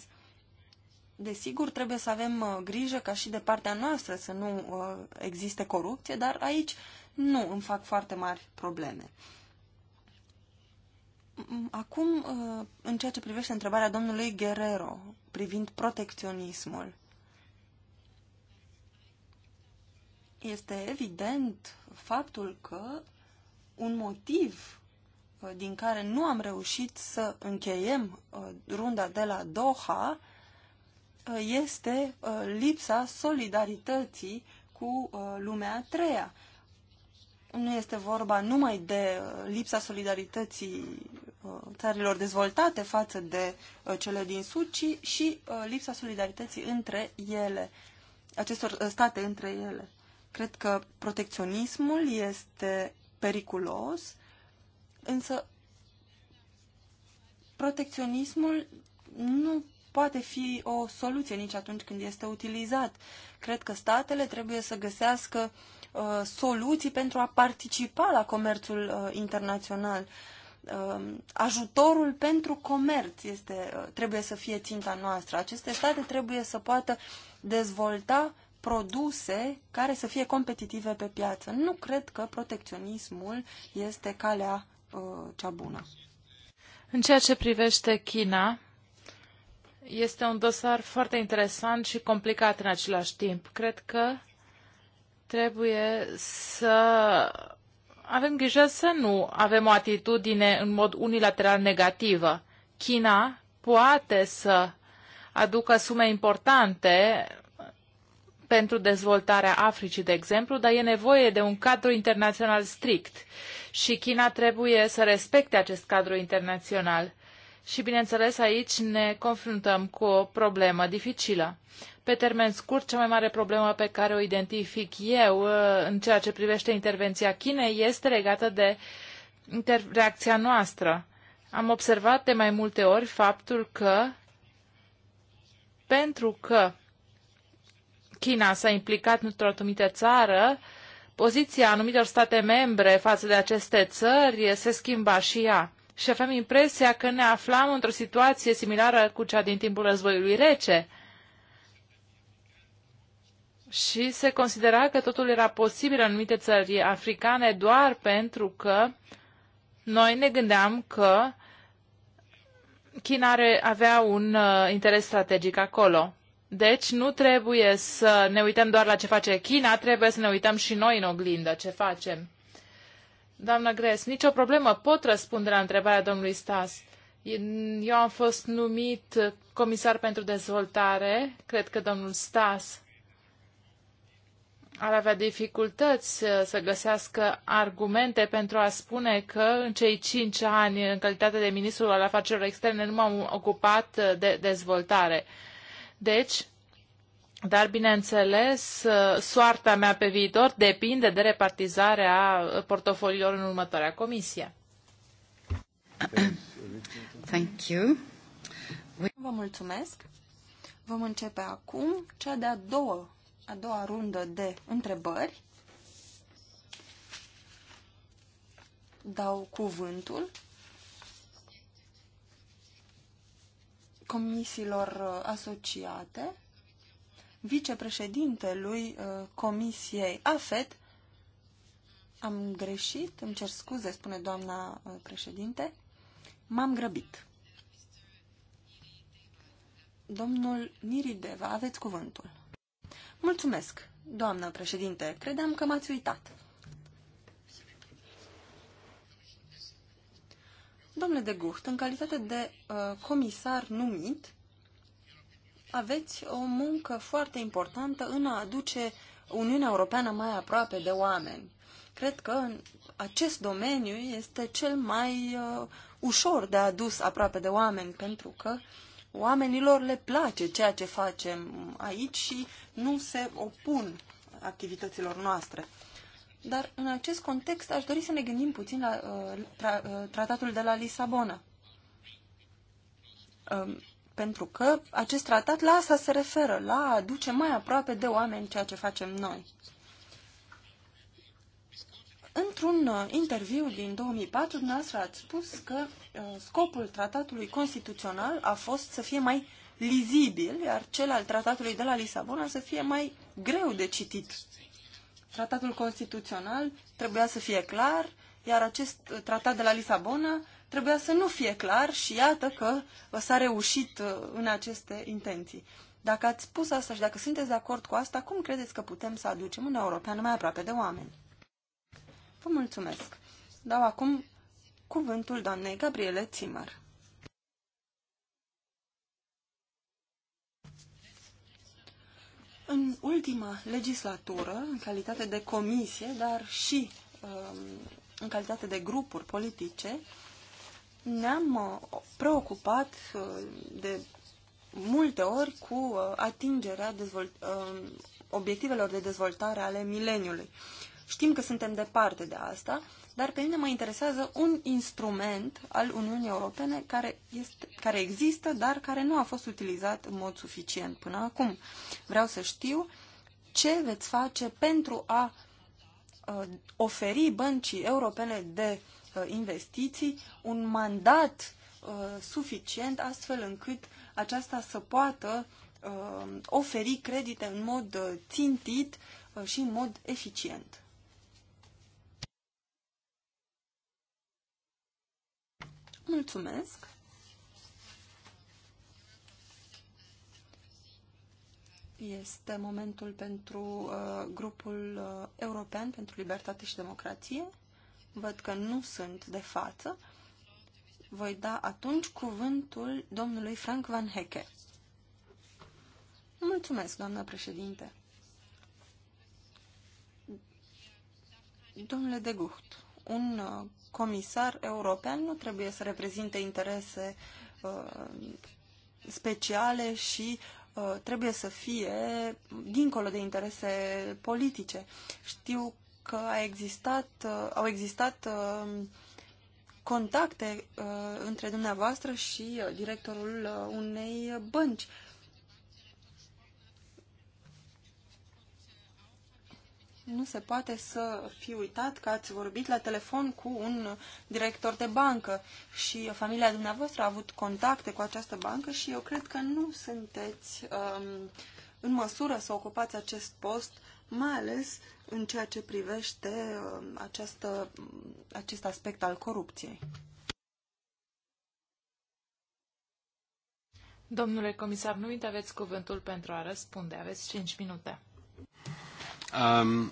Desigur, trebuie să avem uh, grijă ca și de partea noastră să nu uh, existe corupție, dar aici nu îmi fac foarte mari probleme. Mm, acum, uh, în ceea ce privește întrebarea domnului Guerrero privind protecționismul, este evident faptul că un motiv din care nu am reușit să încheiem runda de la Doha este uh, lipsa solidarității cu uh, lumea a treia. Nu este vorba numai de uh, lipsa solidarității țărilor dezvoltate față de cele din Sud, ci și lipsa solidarității între ele, acestor state între ele. Cred că protecționismul este periculos, însă protecționismul nu poate fi o soluție nici atunci când este utilizat. Cred că statele trebuie să găsească uh, soluții pentru a participa la comerțul uh, internațional. Uh, ajutorul pentru comerț este, uh, trebuie să fie ținta noastră. Aceste state trebuie să poată dezvolta produse care să fie competitive pe piață. Nu cred că protecționismul este calea uh, cea bună. În ceea ce privește China, este un dosar foarte interesant și complicat în același timp. Cred că trebuie să avem grijă să nu avem o atitudine în mod unilateral negativă. China poate să aducă sume importante pentru dezvoltarea Africii, de exemplu, dar e nevoie de un cadru internațional strict și China trebuie să respecte acest cadru internațional. Și, bineînțeles, aici ne confruntăm cu o problemă dificilă. Pe termen scurt, cea mai mare problemă pe care o identific eu uh, în ceea ce privește intervenția Chinei este legată de reacția noastră. Am observat de mai multe ori faptul că pentru că China s-a implicat într-o anumită țară, poziția anumitor state membre față de aceste țări se schimba și ea și aveam impresia că ne aflam într-o situație similară cu cea din timpul războiului rece. Și se considera că totul era posibil în anumite țări africane doar pentru că noi ne gândeam că China are, avea un uh, interes strategic acolo. Deci nu trebuie să ne uităm doar la ce face China, trebuie să ne uităm și noi în oglindă ce facem. Doamna Gres, nicio problemă, pot răspunde la întrebarea domnului Stas. Eu am fost numit comisar pentru dezvoltare, cred că domnul Stas ar avea dificultăți uh, să găsească argumente pentru a spune că în cei cinci ani, în calitate de ministru al afacerilor externe, nu m-am ocupat uh, de dezvoltare. Deci, dar, bineînțeles, soarta mea pe viitor depinde de repartizarea portofoliilor în următoarea comisie. Thank you. Vă mulțumesc. Vom începe acum cea de-a doua, a doua rundă de întrebări. Dau cuvântul comisiilor asociate vicepreședintelui uh, Comisiei AFET. Am greșit, îmi cer scuze, spune doamna uh, președinte. M-am grăbit. Domnul Nirideva, aveți cuvântul. Mulțumesc, doamnă președinte. Credeam că m-ați uitat. Domnule de Gucht, în calitate de uh, comisar numit, aveți o muncă foarte importantă în a aduce Uniunea Europeană mai aproape de oameni. Cred că acest domeniu este cel mai uh, ușor de adus aproape de oameni, pentru că oamenilor le place ceea ce facem aici și nu se opun activităților noastre. Dar în acest context aș dori să ne gândim puțin la uh, tra, uh, tratatul de la Lisabona. Uh, pentru că acest tratat la asta se referă, la a aduce mai aproape de oameni ceea ce facem noi. Într-un uh, interviu din 2004, dumneavoastră ați spus că uh, scopul tratatului constituțional a fost să fie mai lizibil, iar cel al tratatului de la Lisabona să fie mai greu de citit. Tratatul constituțional trebuia să fie clar, iar acest uh, tratat de la Lisabona trebuia să nu fie clar și iată că s-a reușit uh, în aceste intenții. Dacă ați spus asta și dacă sunteți de acord cu asta, cum credeți că putem să aducem Uniunea Europeană mai aproape de oameni? Vă mulțumesc. Dau acum cuvântul doamnei Gabriele Zimmer. În ultima legislatură, în calitate de comisie, dar și um, în calitate de grupuri politice, ne-am uh, preocupat uh, de multe ori cu uh, atingerea obiectivelor de dezvoltare ale mileniului. Știm că suntem departe de asta, dar pe mine mă interesează un instrument al Uniunii Europene care, este, care există, dar care nu a fost utilizat în mod suficient până acum. Vreau să știu ce veți face pentru a uh, oferi băncii europene de uh, Uh, investiții un mandat uh, suficient astfel încât aceasta să poată uh, oferi credite în mod țintit și în mod eficient. Mulțumesc! Este momentul pentru uh, grupul uh, european pentru libertate și democrație văd că nu sunt de față, voi da atunci cuvântul domnului Frank Van Hecke. Mulțumesc, doamnă președinte. Domnule de Gucht, un uh, comisar european nu trebuie să reprezinte interese uh, speciale și uh, trebuie să fie dincolo de interese politice. Știu că a existat, uh, au existat uh, contacte uh, între dumneavoastră și directorul unei bănci. Nu se poate să fi uitat că ați vorbit la telefon cu un director de bancă și familia dumneavoastră a avut contacte cu această bancă și eu cred că nu sunteți um, în măsură să ocupați acest post mai ales în ceea ce privește um, această, acest aspect al corupției. Domnule comisar, nu aveți cuvântul pentru a răspunde. Aveți 5 minute. Um,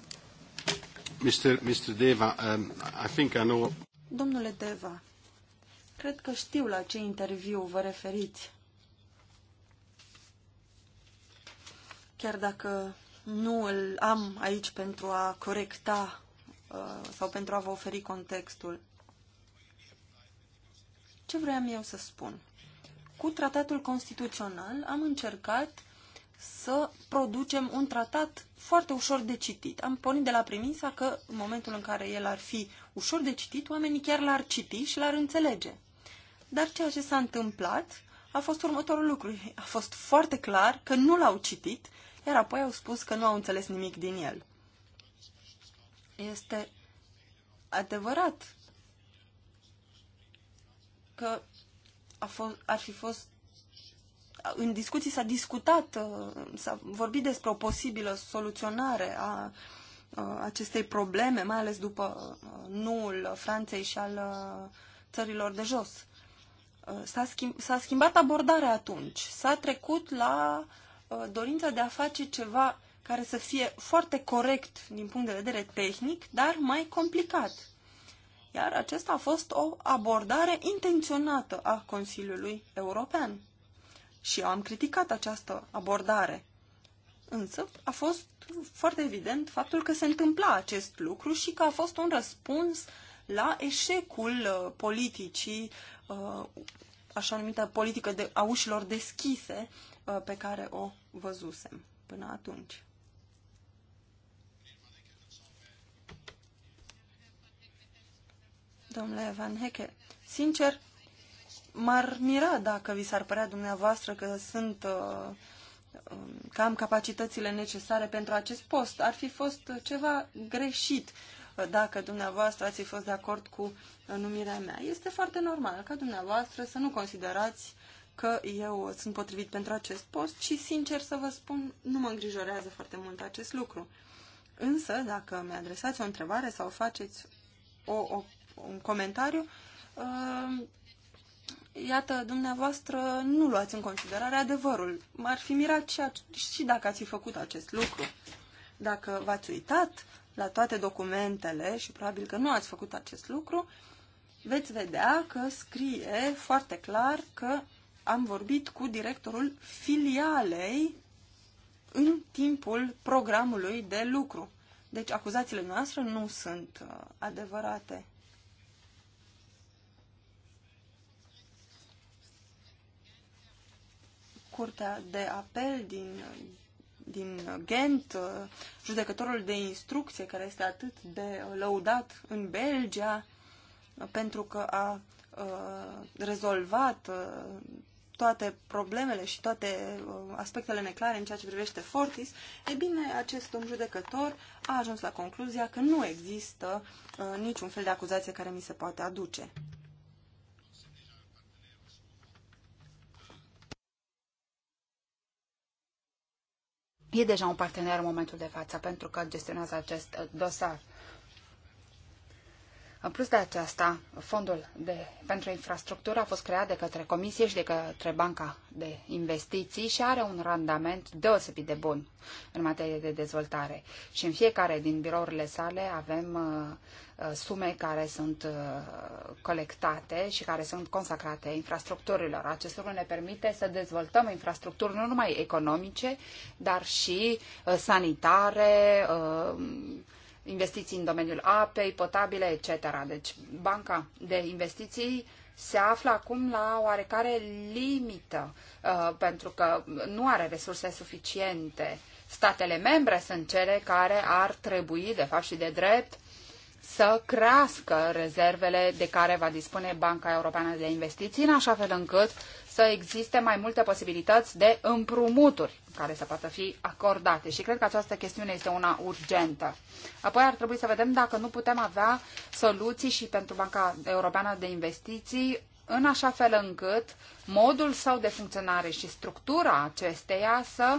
Mr. Mr. Deva, um, I think I know... Domnule Deva, cred că știu la ce interviu vă referiți. Chiar dacă nu îl am aici pentru a corecta uh, sau pentru a vă oferi contextul. Ce vreau eu să spun? Cu tratatul constituțional am încercat să producem un tratat foarte ușor de citit. Am pornit de la premisa că în momentul în care el ar fi ușor de citit, oamenii chiar l-ar citi și l-ar înțelege. Dar ceea ce s-a întâmplat a fost următorul lucru. A fost foarte clar că nu l-au citit iar apoi au spus că nu au înțeles nimic din el. Este adevărat că a fost, ar fi fost în discuții s-a discutat, uh, s-a vorbit despre o posibilă soluționare a uh, acestei probleme, mai ales după uh, nuul Franței și al țărilor de jos. S-a, schimbat abordarea atunci. S-a trecut la Uh, dorința de a face ceva care să fie foarte corect din punct de vedere tehnic, dar mai complicat. Iar acesta a fost o abordare intenționată a Consiliului European. Și eu am criticat această abordare. Însă a fost foarte evident faptul că se întâmpla acest lucru și că a fost un răspuns la eșecul uh, politicii, uh, așa numită politică de, a ușilor deschise, Uh, pe care o văzusem până atunci. Domnule Van Hecke, sincer, m-ar mira dacă vi s-ar părea dumneavoastră că sunt uh, um, că am capacitățile necesare pentru acest post. Ar fi fost ceva greșit uh, dacă dumneavoastră ați fi fost de acord cu numirea mea. Este foarte normal ca dumneavoastră să nu considerați că eu sunt potrivit pentru acest post și, sincer să vă spun, nu mă îngrijorează foarte mult acest lucru. Însă, dacă mi-adresați o întrebare sau faceți o, o, un comentariu, uh, iată, dumneavoastră nu luați în considerare adevărul. M-ar fi mirat și, și dacă ați fi făcut acest lucru. Dacă v-ați uitat la toate documentele și probabil că nu ați făcut acest lucru, veți vedea că scrie foarte clar că am vorbit cu directorul filialei în timpul programului de lucru. Deci acuzațiile noastre nu sunt uh, adevărate. Curtea de apel din, din Ghent, uh, judecătorul de instrucție care este atât de lăudat în Belgia pentru că a uh, rezolvat toate problemele și toate uh, aspectele neclare în ceea ce privește Fortis, e bine, acest domn judecător a ajuns la concluzia că nu există uh, niciun fel de acuzație care mi se poate aduce. E deja un partener în momentul de față pentru că gestionează acest uh, dosar. În plus de aceasta, fondul de, pentru infrastructură a fost creat de către Comisie și de către Banca de Investiții și are un randament deosebit de bun în materie de dezvoltare. Și în fiecare din birourile sale avem uh, uh sume care sunt uh, colectate și care sunt consacrate infrastructurilor. Acest lucru ne permite să dezvoltăm infrastructuri nu numai economice, dar și uh, sanitare, uh, investiții în domeniul apei, potabile, etc. Deci Banca de Investiții se află acum la oarecare limită, uh, pentru că nu are resurse suficiente. Statele membre sunt cele care ar trebui, de fapt și de drept, să crească rezervele de care va dispune Banca Europeană de Investiții, în așa fel încât să existe mai multe posibilități de împrumuturi care să poată fi acordate. Și cred că această chestiune este una urgentă. Apoi ar trebui să vedem dacă nu putem avea soluții și pentru Banca Europeană de Investiții în așa fel încât modul său de funcționare și structura acesteia să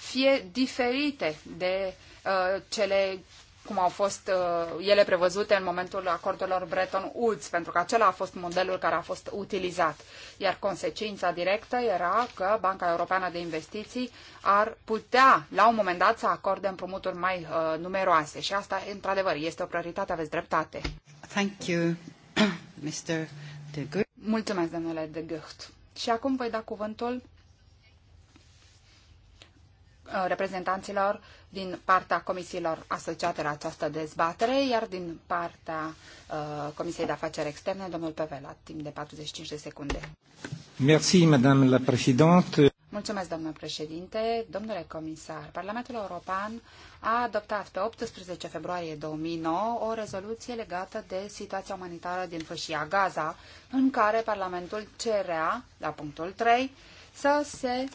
fie diferite de uh, cele cum au fost uh, ele prevăzute în momentul acordurilor Bretton Woods, pentru că acela a fost modelul care a fost utilizat. Iar consecința directă era că Banca Europeană de Investiții ar putea, la un moment dat, să acorde împrumuturi mai uh, numeroase. Și asta, într-adevăr, este o prioritate, aveți dreptate. Thank you, [coughs] Mr. De Gucht. Mulțumesc, domnule De Gucht. Și acum voi da cuvântul Uh, reprezentanților din partea comisiilor asociate la această dezbatere, iar din partea uh, Comisiei de Afaceri Externe, domnul Pevela, timp de 45 de secunde. Merci, madame la présidente. Mulțumesc, domnul președinte. Domnule comisar, Parlamentul European a adoptat pe 18 februarie 2009 o rezoluție legată de situația umanitară din fâșia Gaza, în care Parlamentul cerea, la punctul 3, să se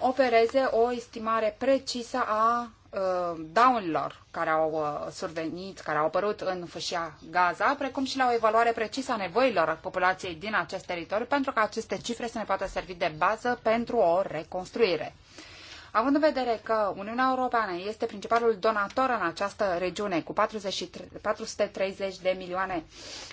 opereze o estimare precisă a uh, downlor care au uh, survenit, care au apărut în fâșia Gaza, precum și la o evaluare precisă a nevoilor populației din acest teritoriu, pentru ca aceste cifre să ne poată servi de bază pentru o reconstruire. Având în vedere că Uniunea Europeană este principalul donator în această regiune cu 430 de milioane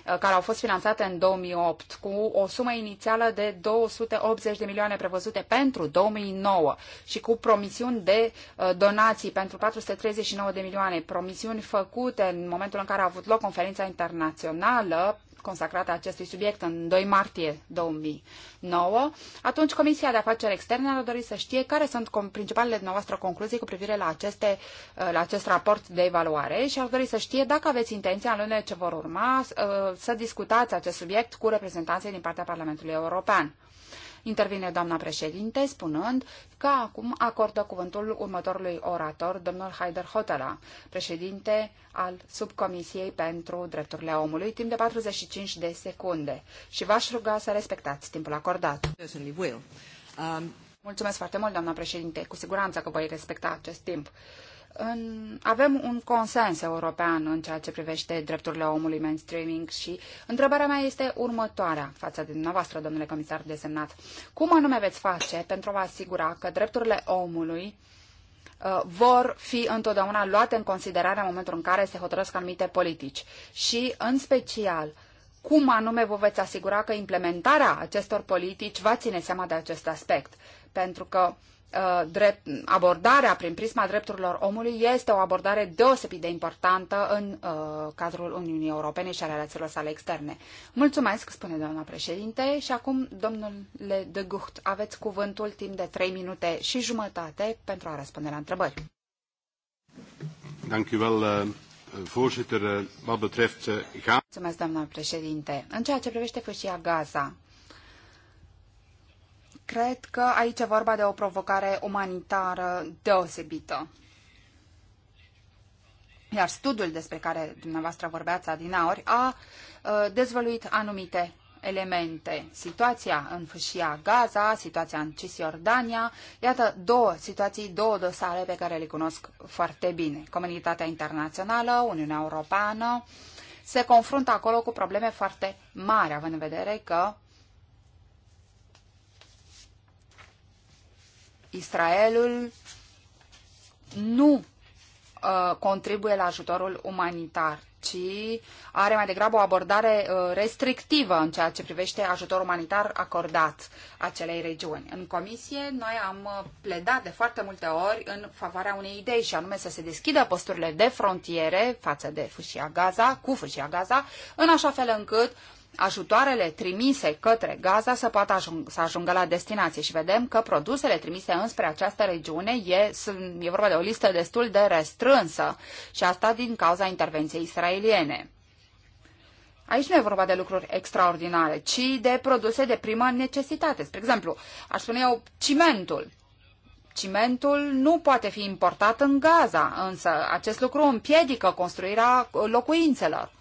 uh, care au fost finanțate în 2008, cu o sumă inițială de 280 de milioane prevăzute pentru 2009 și cu promisiuni de uh, donații pentru 439 de milioane, promisiuni făcute în momentul în care a avut loc conferința internațională consacrată acestui subiect în 2 martie 2009, atunci Comisia de Afaceri Externe ar dori să știe care sunt principalele noastre concluzii cu privire la, aceste, uh, la acest raport de evaluare și ar dori să știe dacă aveți intenția în lunile ce vor urma uh, să discutați acest subiect cu reprezentanții din partea Parlamentului European. Intervine doamna președinte spunând că acum acordă cuvântul următorului orator, domnul Haider Hotela, președinte al Subcomisiei pentru Drepturile Omului, timp de 45 de secunde. Și v-aș ruga să respectați timpul acordat. Um, Mulțumesc foarte mult, doamna președinte. Cu siguranță că voi respecta acest timp în, avem un consens european în ceea ce privește drepturile omului, mainstreaming și întrebarea mea este următoarea față de dumneavoastră, domnule comisar desemnat. Cum anume veți face pentru a vă asigura că drepturile omului uh, vor fi întotdeauna luate în considerare în momentul în care se hotărăsc anumite politici și, în special, cum anume vă veți asigura că implementarea acestor politici va ține seama de acest aspect? Pentru că uh, Uh, drept, abordarea prin prisma drepturilor omului este o abordare deosebit de importantă în uh, cadrul Uniunii Europene și a relațiilor sale externe. Mulțumesc, spune doamna președinte, și acum, domnule de Gucht, aveți cuvântul timp de 3 minute și jumătate pentru a răspunde la întrebări. Eh, eh, eh, Mulțumesc, doamna președinte. În ceea ce privește fâșia Gaza, Cred că aici e vorba de o provocare umanitară deosebită. Iar studiul despre care dumneavoastră vorbeați adinaori a uh, dezvăluit anumite elemente. Situația în fâșia Gaza, situația în Cisjordania, iată două situații, două dosare pe care le cunosc foarte bine. Comunitatea internațională, Uniunea Europeană, se confruntă acolo cu probleme foarte mari, având în vedere că Israelul nu uh, contribuie la ajutorul umanitar, ci are mai degrabă o abordare uh, restrictivă în ceea ce privește ajutorul umanitar acordat acelei regiuni. În comisie, noi am uh, pledat de foarte multe ori în favoarea unei idei și anume să se deschidă posturile de frontiere față de fâșia Gaza, cu fâșia Gaza, în așa fel încât ajutoarele trimise către Gaza să poată ajung, să ajungă la destinație și vedem că produsele trimise înspre această regiune e, sunt, e vorba de o listă destul de restrânsă și asta din cauza intervenției israeliene. Aici nu e vorba de lucruri extraordinare, ci de produse de primă necesitate. Spre exemplu, aș spune eu cimentul. Cimentul nu poate fi importat în Gaza, însă acest lucru împiedică construirea locuințelor.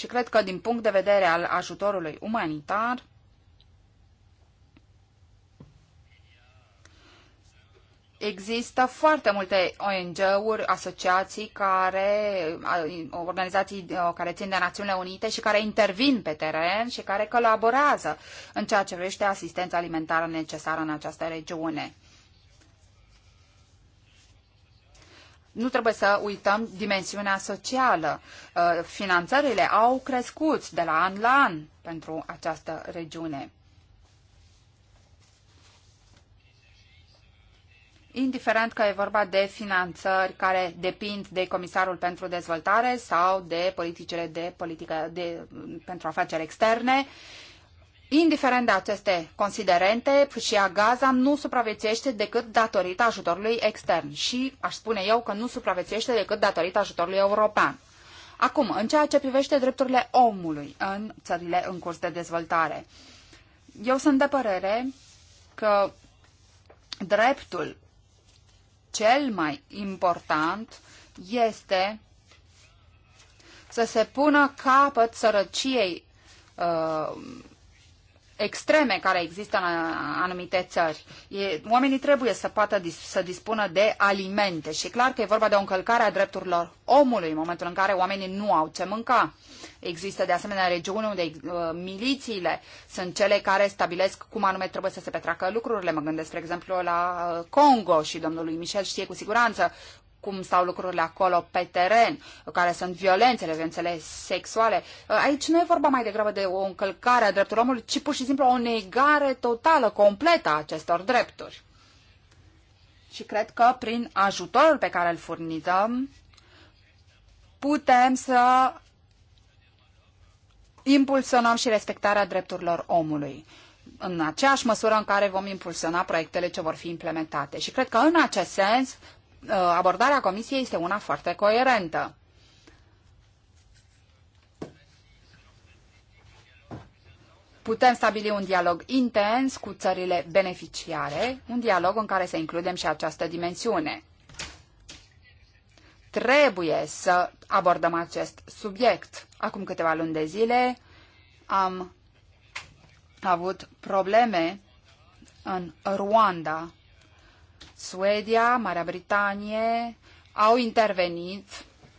Și cred că din punct de vedere al ajutorului umanitar, Există foarte multe ONG-uri, asociații care, organizații uh, care țin de Națiunile Unite și care intervin pe teren și care colaborează în ceea ce privește asistența alimentară necesară în această regiune. nu trebuie să uităm dimensiunea socială. Uh, finanțările au crescut de la an la an pentru această regiune. indiferent că e vorba de finanțări care depind de Comisarul pentru Dezvoltare sau de politicile de politică de, pentru afaceri externe, Indiferent de aceste considerente, fâșia Gaza nu supraviețuiește decât datorită ajutorului extern și aș spune eu că nu supraviețuiește decât datorită ajutorului european. Acum, în ceea ce privește drepturile omului în țările în curs de dezvoltare, eu sunt de părere că dreptul cel mai important este să se pună capăt sărăciei uh, extreme care există în anumite țări. E, oamenii trebuie să poată dis, să dispună de alimente și clar că e vorba de o încălcare a drepturilor omului în momentul în care oamenii nu au ce mânca. Există de asemenea regiuni unde uh, milițiile sunt cele care stabilesc cum anume trebuie să se petreacă lucrurile. Mă gândesc, spre exemplu, la uh, Congo și domnului Michel știe cu siguranță cum stau lucrurile acolo pe teren, care sunt violențele, violențele sexuale. Aici nu e vorba mai degrabă de o încălcare a drepturilor omului, ci pur și simplu o negare totală, completă a acestor drepturi. Și cred că prin ajutorul pe care îl furnizăm, putem să impulsionăm și respectarea drepturilor omului în aceeași măsură în care vom impulsiona proiectele ce vor fi implementate. Și cred că în acest sens Uh, abordarea Comisiei este una foarte coerentă. Putem stabili un dialog intens cu țările beneficiare, un dialog în care să includem și această dimensiune. Trebuie să abordăm acest subiect. Acum câteva luni de zile am avut probleme în Ruanda Suedia, Marea Britanie au intervenit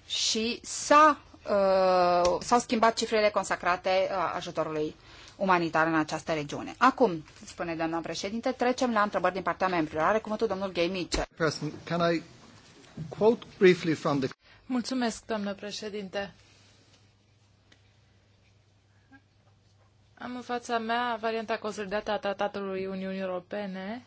și s-a, uh, s-au schimbat cifrele consacrate uh, ajutorului umanitar în această regiune. Acum, spune doamna președinte, trecem la întrebări din partea membrilor. Are cuvântul domnul Gay Mitchell. Mulțumesc, doamnă președinte. Am în fața mea varianta consolidată a Tratatului Uniunii Europene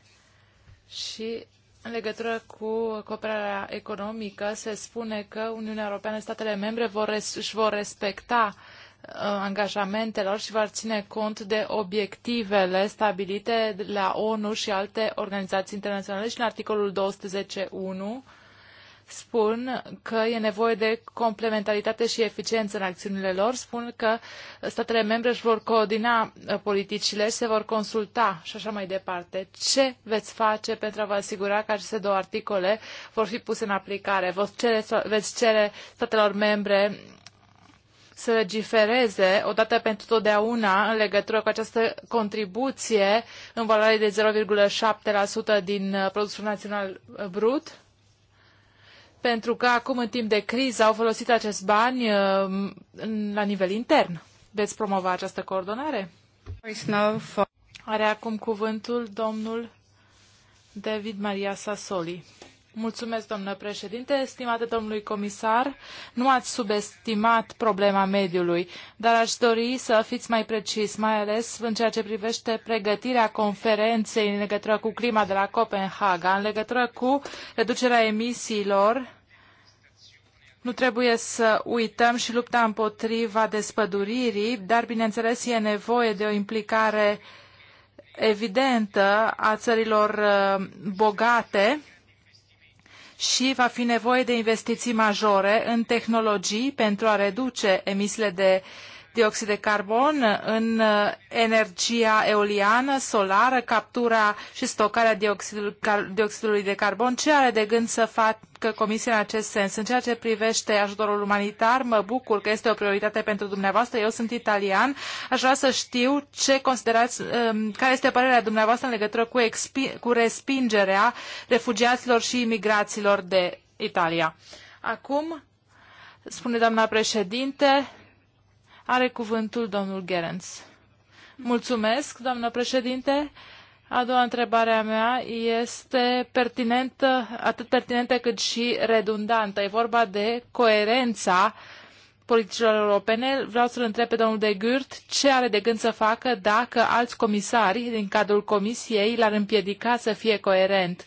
și în legătură cu cooperarea economică, se spune că Uniunea Europeană, statele membre vor, își vor respecta uh, angajamentelor și vor ține cont de obiectivele stabilite la ONU și alte organizații internaționale și în articolul 210.1 spun că e nevoie de complementaritate și eficiență în acțiunile lor, spun că statele membre își vor coordina uh, politicile, se vor consulta și așa mai departe. Ce veți face pentru a vă asigura că aceste două articole vor fi puse în aplicare? Vă cere, veți cere statelor membre să legifereze odată pentru totdeauna în legătură cu această contribuție în valoare de 0,7% din uh, produsul național uh, brut? pentru că acum, în timp de criză, au folosit acești bani uh, la nivel intern. Veți promova această coordonare? Are acum cuvântul domnul David Maria Sassoli. Mulțumesc, domnule președinte. Stimate domnului comisar, nu ați subestimat problema mediului, dar aș dori să fiți mai precis, mai ales în ceea ce privește pregătirea conferinței în legătură cu clima de la Copenhaga, în legătură cu reducerea emisiilor. Nu trebuie să uităm și lupta împotriva despăduririi, dar, bineînțeles, e nevoie de o implicare evidentă a țărilor uh, bogate, și va fi nevoie de investiții majore în tehnologii pentru a reduce emisiile de dioxid de carbon în uh, energia eoliană, solară, captura și stocarea dioxidului, de carbon. Ce are de gând să facă Comisia în acest sens? În ceea ce privește ajutorul umanitar, mă bucur că este o prioritate pentru dumneavoastră. Eu sunt italian. Aș vrea să știu ce considerați, um, care este părerea dumneavoastră în legătură cu, expi, cu respingerea refugiaților și imigraților de Italia. Acum, spune doamna președinte, are cuvântul domnul Gerens. Mulțumesc, doamnă președinte. A doua întrebare a mea este pertinentă, atât pertinentă cât și redundantă. E vorba de coerența politicilor europene. Vreau să-l întreb pe domnul de Gurt ce are de gând să facă dacă alți comisari din cadrul comisiei l-ar împiedica să fie coerent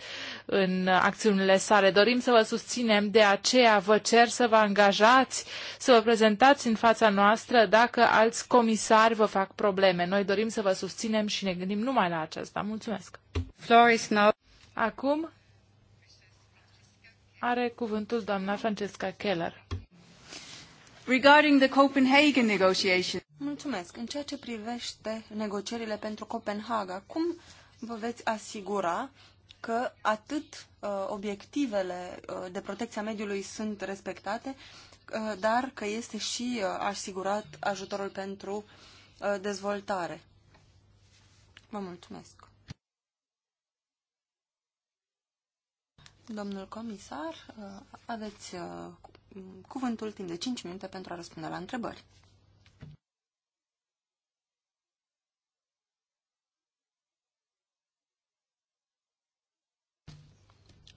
în acțiunile sale. Dorim să vă susținem, de aceea vă cer să vă angajați, să vă prezentați în fața noastră dacă alți comisari vă fac probleme. Noi dorim să vă susținem și ne gândim numai la aceasta. Mulțumesc! Acum are cuvântul doamna Francesca Keller. Regarding the Copenhagen negotiations. Mulțumesc. În ceea ce privește negocierile pentru Copenhaga, cum vă veți asigura că atât uh, obiectivele uh, de protecția mediului sunt respectate, uh, dar că este și uh, asigurat ajutorul pentru uh, dezvoltare. Vă mulțumesc. Domnul comisar, uh, aveți uh, cuvântul timp de 5 minute pentru a răspunde la întrebări.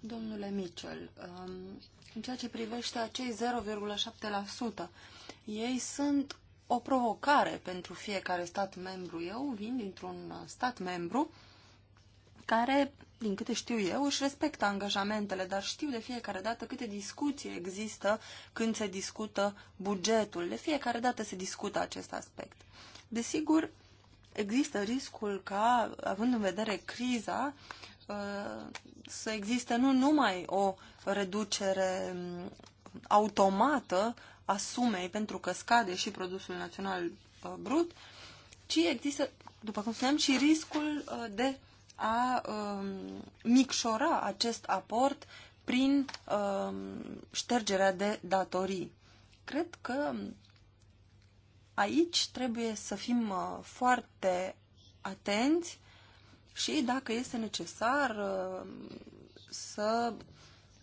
Domnule Mitchell, um, în ceea ce privește acei 0,7%, ei sunt o provocare pentru fiecare stat membru. Eu vin dintr-un stat membru care, din câte știu eu, își respectă angajamentele, dar știu de fiecare dată câte discuții există când se discută bugetul. De fiecare dată se discută acest aspect. Desigur, există riscul ca, având în vedere criza, Uh, să existe nu numai o reducere um, automată a sumei pentru că scade și produsul național uh, brut, ci există, după cum spuneam, și riscul uh, de a um, micșora acest aport prin um, ștergerea de datorii. Cred că aici trebuie să fim foarte atenți și dacă este necesar uh, să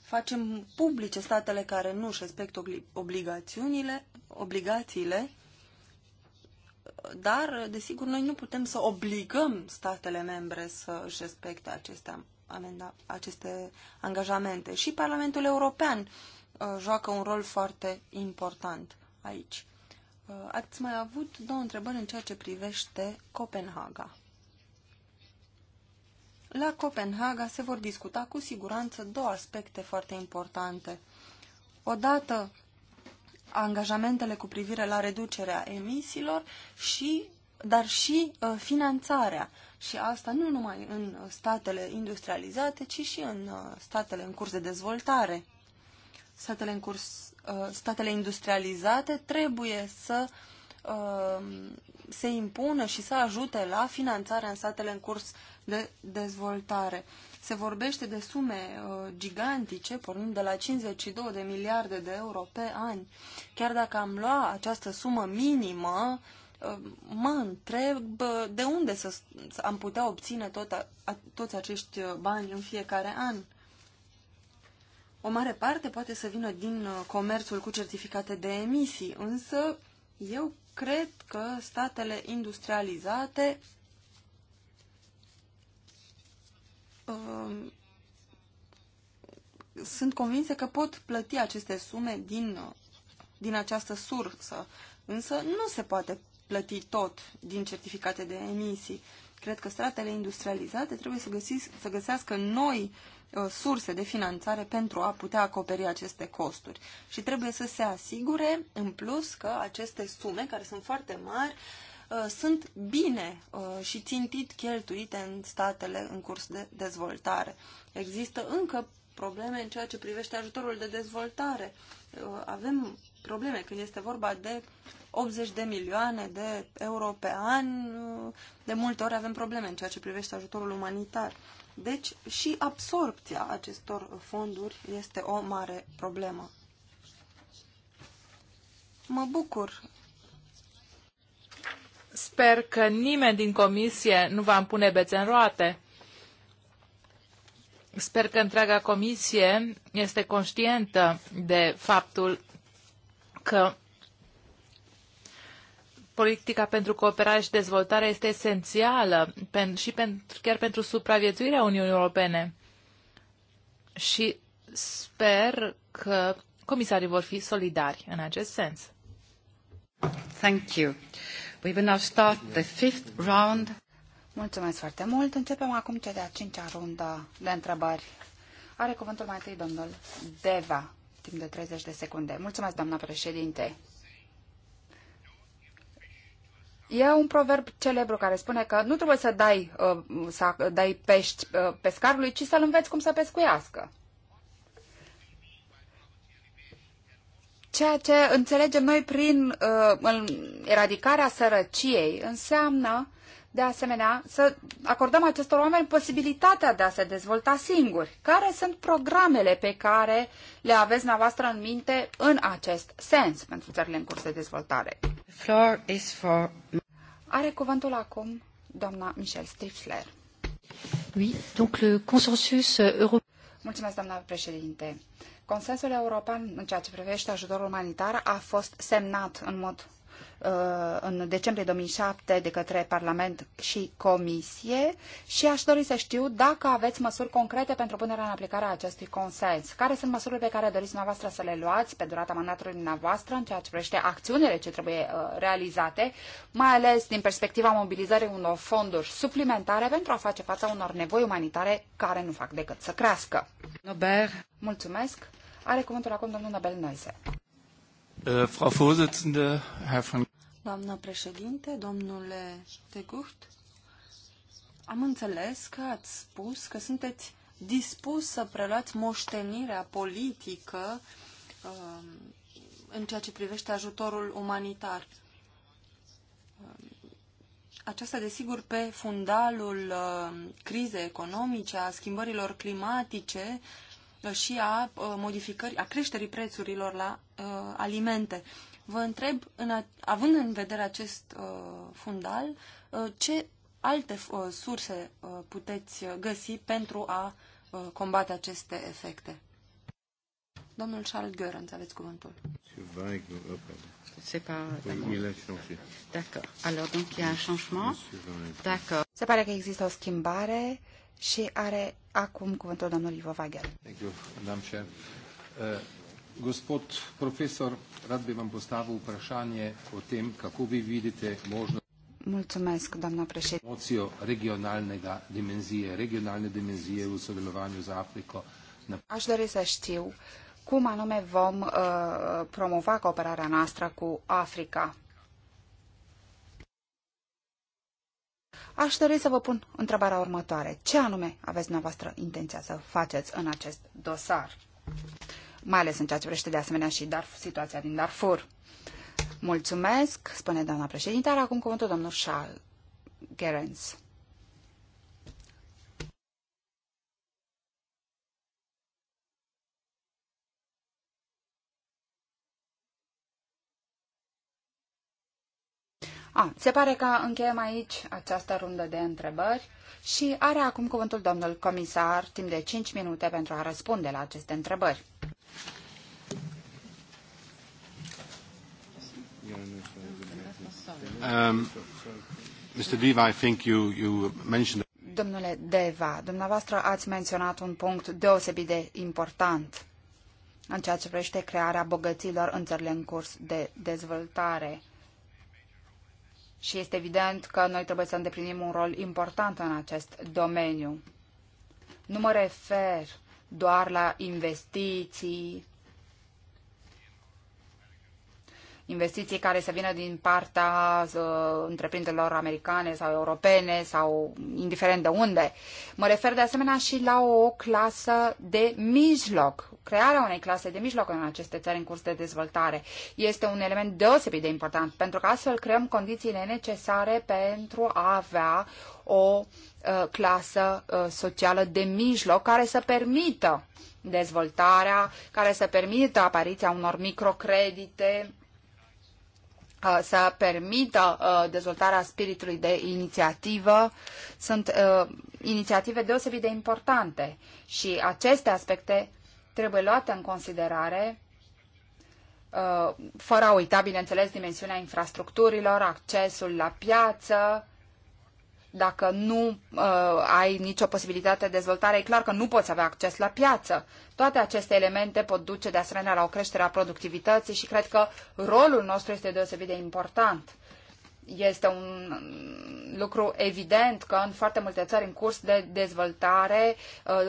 facem publice statele care nu își respectă obligațiunile, obligațiile, dar, desigur, noi nu putem să obligăm statele membre să își respecte aceste, amenda, aceste angajamente. Și Parlamentul European uh, joacă un rol foarte important aici. Uh, ați mai avut două întrebări în ceea ce privește Copenhaga. La Copenhaga se vor discuta cu siguranță două aspecte foarte importante. Odată, angajamentele cu privire la reducerea emisiilor și dar și uh, finanțarea. Și asta nu numai în uh, statele industrializate, ci și în uh, statele în curs de dezvoltare. Statele, în curs, uh, statele industrializate trebuie să uh, se impună și să ajute la finanțarea în statele în curs de dezvoltare. Se vorbește de sume uh, gigantice, pornind de la 52 de miliarde de euro pe an. Chiar dacă am luat această sumă minimă, uh, mă întreb uh, de unde să, să am putea obține tot a, a, toți acești uh, bani în fiecare an. O mare parte poate să vină din uh, comerțul cu certificate de emisii, însă eu cred că statele industrializate Um, sunt convinsă că pot plăti aceste sume din, uh, din această sursă, însă nu se poate plăti tot din certificate de emisii. Cred că statele industrializate trebuie să, găsi, să găsească noi uh, surse de finanțare pentru a putea acoperi aceste costuri. Și trebuie să se asigure, în plus, că aceste sume, care sunt foarte mari, uh, Uh, sunt bine uh, și țintit cheltuite în statele în curs de dezvoltare. Există încă probleme în ceea ce privește ajutorul de dezvoltare. Uh, avem probleme când este vorba de 80 de milioane de euro pe an. De multe ori avem probleme în ceea ce privește ajutorul umanitar. Deci și absorpția acestor fonduri este o mare problemă. Mă bucur Sper că nimeni din comisie nu va împune bețe în roate. Sper că întreaga comisie este conștientă de faptul că politica pentru cooperare și dezvoltare este esențială și chiar pentru supraviețuirea Uniunii Europene. Și sper că comisarii vor fi solidari în acest sens. Thank you. We will now start the fifth round. Mulțumesc foarte mult. Începem acum cea de-a cincea rundă de întrebări. Are cuvântul mai întâi domnul Deva, timp de 30 de secunde. Mulțumesc, doamna președinte. E un proverb celebru care spune că nu trebuie să dai, uh, să dai pești uh, pescarului, ci să-l înveți cum să pescuiască. Ceea ce înțelegem noi prin uh, eradicarea sărăciei înseamnă, de asemenea, să acordăm acestor oameni posibilitatea de a se dezvolta singuri. Care sunt programele pe care le aveți dumneavoastră în minte în acest sens pentru țările în curs de dezvoltare? Floor is for... Are cuvântul acum doamna Michelle Strifler. Oui, donc le consensus euh, euro... Mulțumesc, doamna președinte. Consensul european în ceea ce privește ajutorul umanitar a fost semnat în mod Uh, în decembrie 2007 de către Parlament și Comisie și aș dori să știu dacă aveți măsuri concrete pentru punerea în aplicare a acestui consens. Care sunt măsurile pe care doriți dumneavoastră să le luați pe durata mandatului dumneavoastră în ceea ce privește acțiunile ce trebuie uh, realizate, mai ales din perspectiva mobilizării unor fonduri suplimentare pentru a face față unor nevoi umanitare care nu fac decât să crească? Nober. Mulțumesc. Are cuvântul acum domnul Nobel Noise. Äh, Frau Vorsitzende, Herr von... Doamnă președinte, domnule Teguht, am înțeles că ați spus că sunteți dispus să preluați moștenirea politică um, în ceea ce privește ajutorul umanitar. Um, aceasta, desigur, pe fundalul um, crizei economice, a schimbărilor climatice Uh, și a uh, modificării, a creșterii prețurilor la uh, alimente. Vă întreb, în a, având în vedere acest uh, fundal, uh, ce alte uh, surse uh, puteți găsi pentru a uh, combate aceste efecte? Domnul Charles Görans, aveți cuvântul. Oh, C'est pas... D'accord. Alors, donc, il y a un changement. D'accord. Se pare că există o schimbare și are Acum cuvântul domnului Ivo Vagel. Thank you, Madam Chair. Uh, gospod profesor, rad bi vam postavil vprašanje o tem, kako vi vidite možnost Mulțumesc, doamna președinte. Promocijo regionalnega dimenzije, regionalne dimenzie în sodelovanju z Africo. Aș dori să știu cum anume vom uh, promova cooperarea noastră cu Africa Aș dori să vă pun întrebarea următoare. Ce anume aveți dumneavoastră intenția să faceți în acest dosar? Mai ales în ceea ce privește de asemenea și Darf, situația din Darfur. Mulțumesc, spune doamna președinte, acum cuvântul domnul Charles Gerens. A, se pare că încheiem aici această rundă de întrebări și are acum cuvântul domnul comisar timp de 5 minute pentru a răspunde la aceste întrebări. Um, Mr. Deva, I think you, you mentioned... Domnule Deva, dumneavoastră ați menționat un punct deosebit de important în ceea ce privește crearea bogăților în țările în curs de dezvoltare și este evident că noi trebuie să îndeplinim un rol important în acest domeniu. Nu mă refer doar la investiții, investiții care să vină din partea uh, întreprinderilor americane sau europene sau indiferent de unde. Mă refer de asemenea și la o clasă de mijloc, crearea unei clase de mijloc în aceste țări în curs de dezvoltare este un element deosebit de important, pentru că astfel creăm condițiile necesare pentru a avea o uh, clasă uh, socială de mijloc care să permită dezvoltarea, care să permită apariția unor microcredite, uh, să permită uh, dezvoltarea spiritului de inițiativă sunt uh, inițiative deosebit de importante și aceste aspecte trebuie luată în considerare uh, fără a uita, bineînțeles, dimensiunea infrastructurilor, accesul la piață, dacă nu uh, ai nicio posibilitate de dezvoltare, e clar că nu poți avea acces la piață. Toate aceste elemente pot duce de asemenea la o creștere a productivității și cred că rolul nostru este deosebit de important. Este un lucru evident că în foarte multe țări în curs de dezvoltare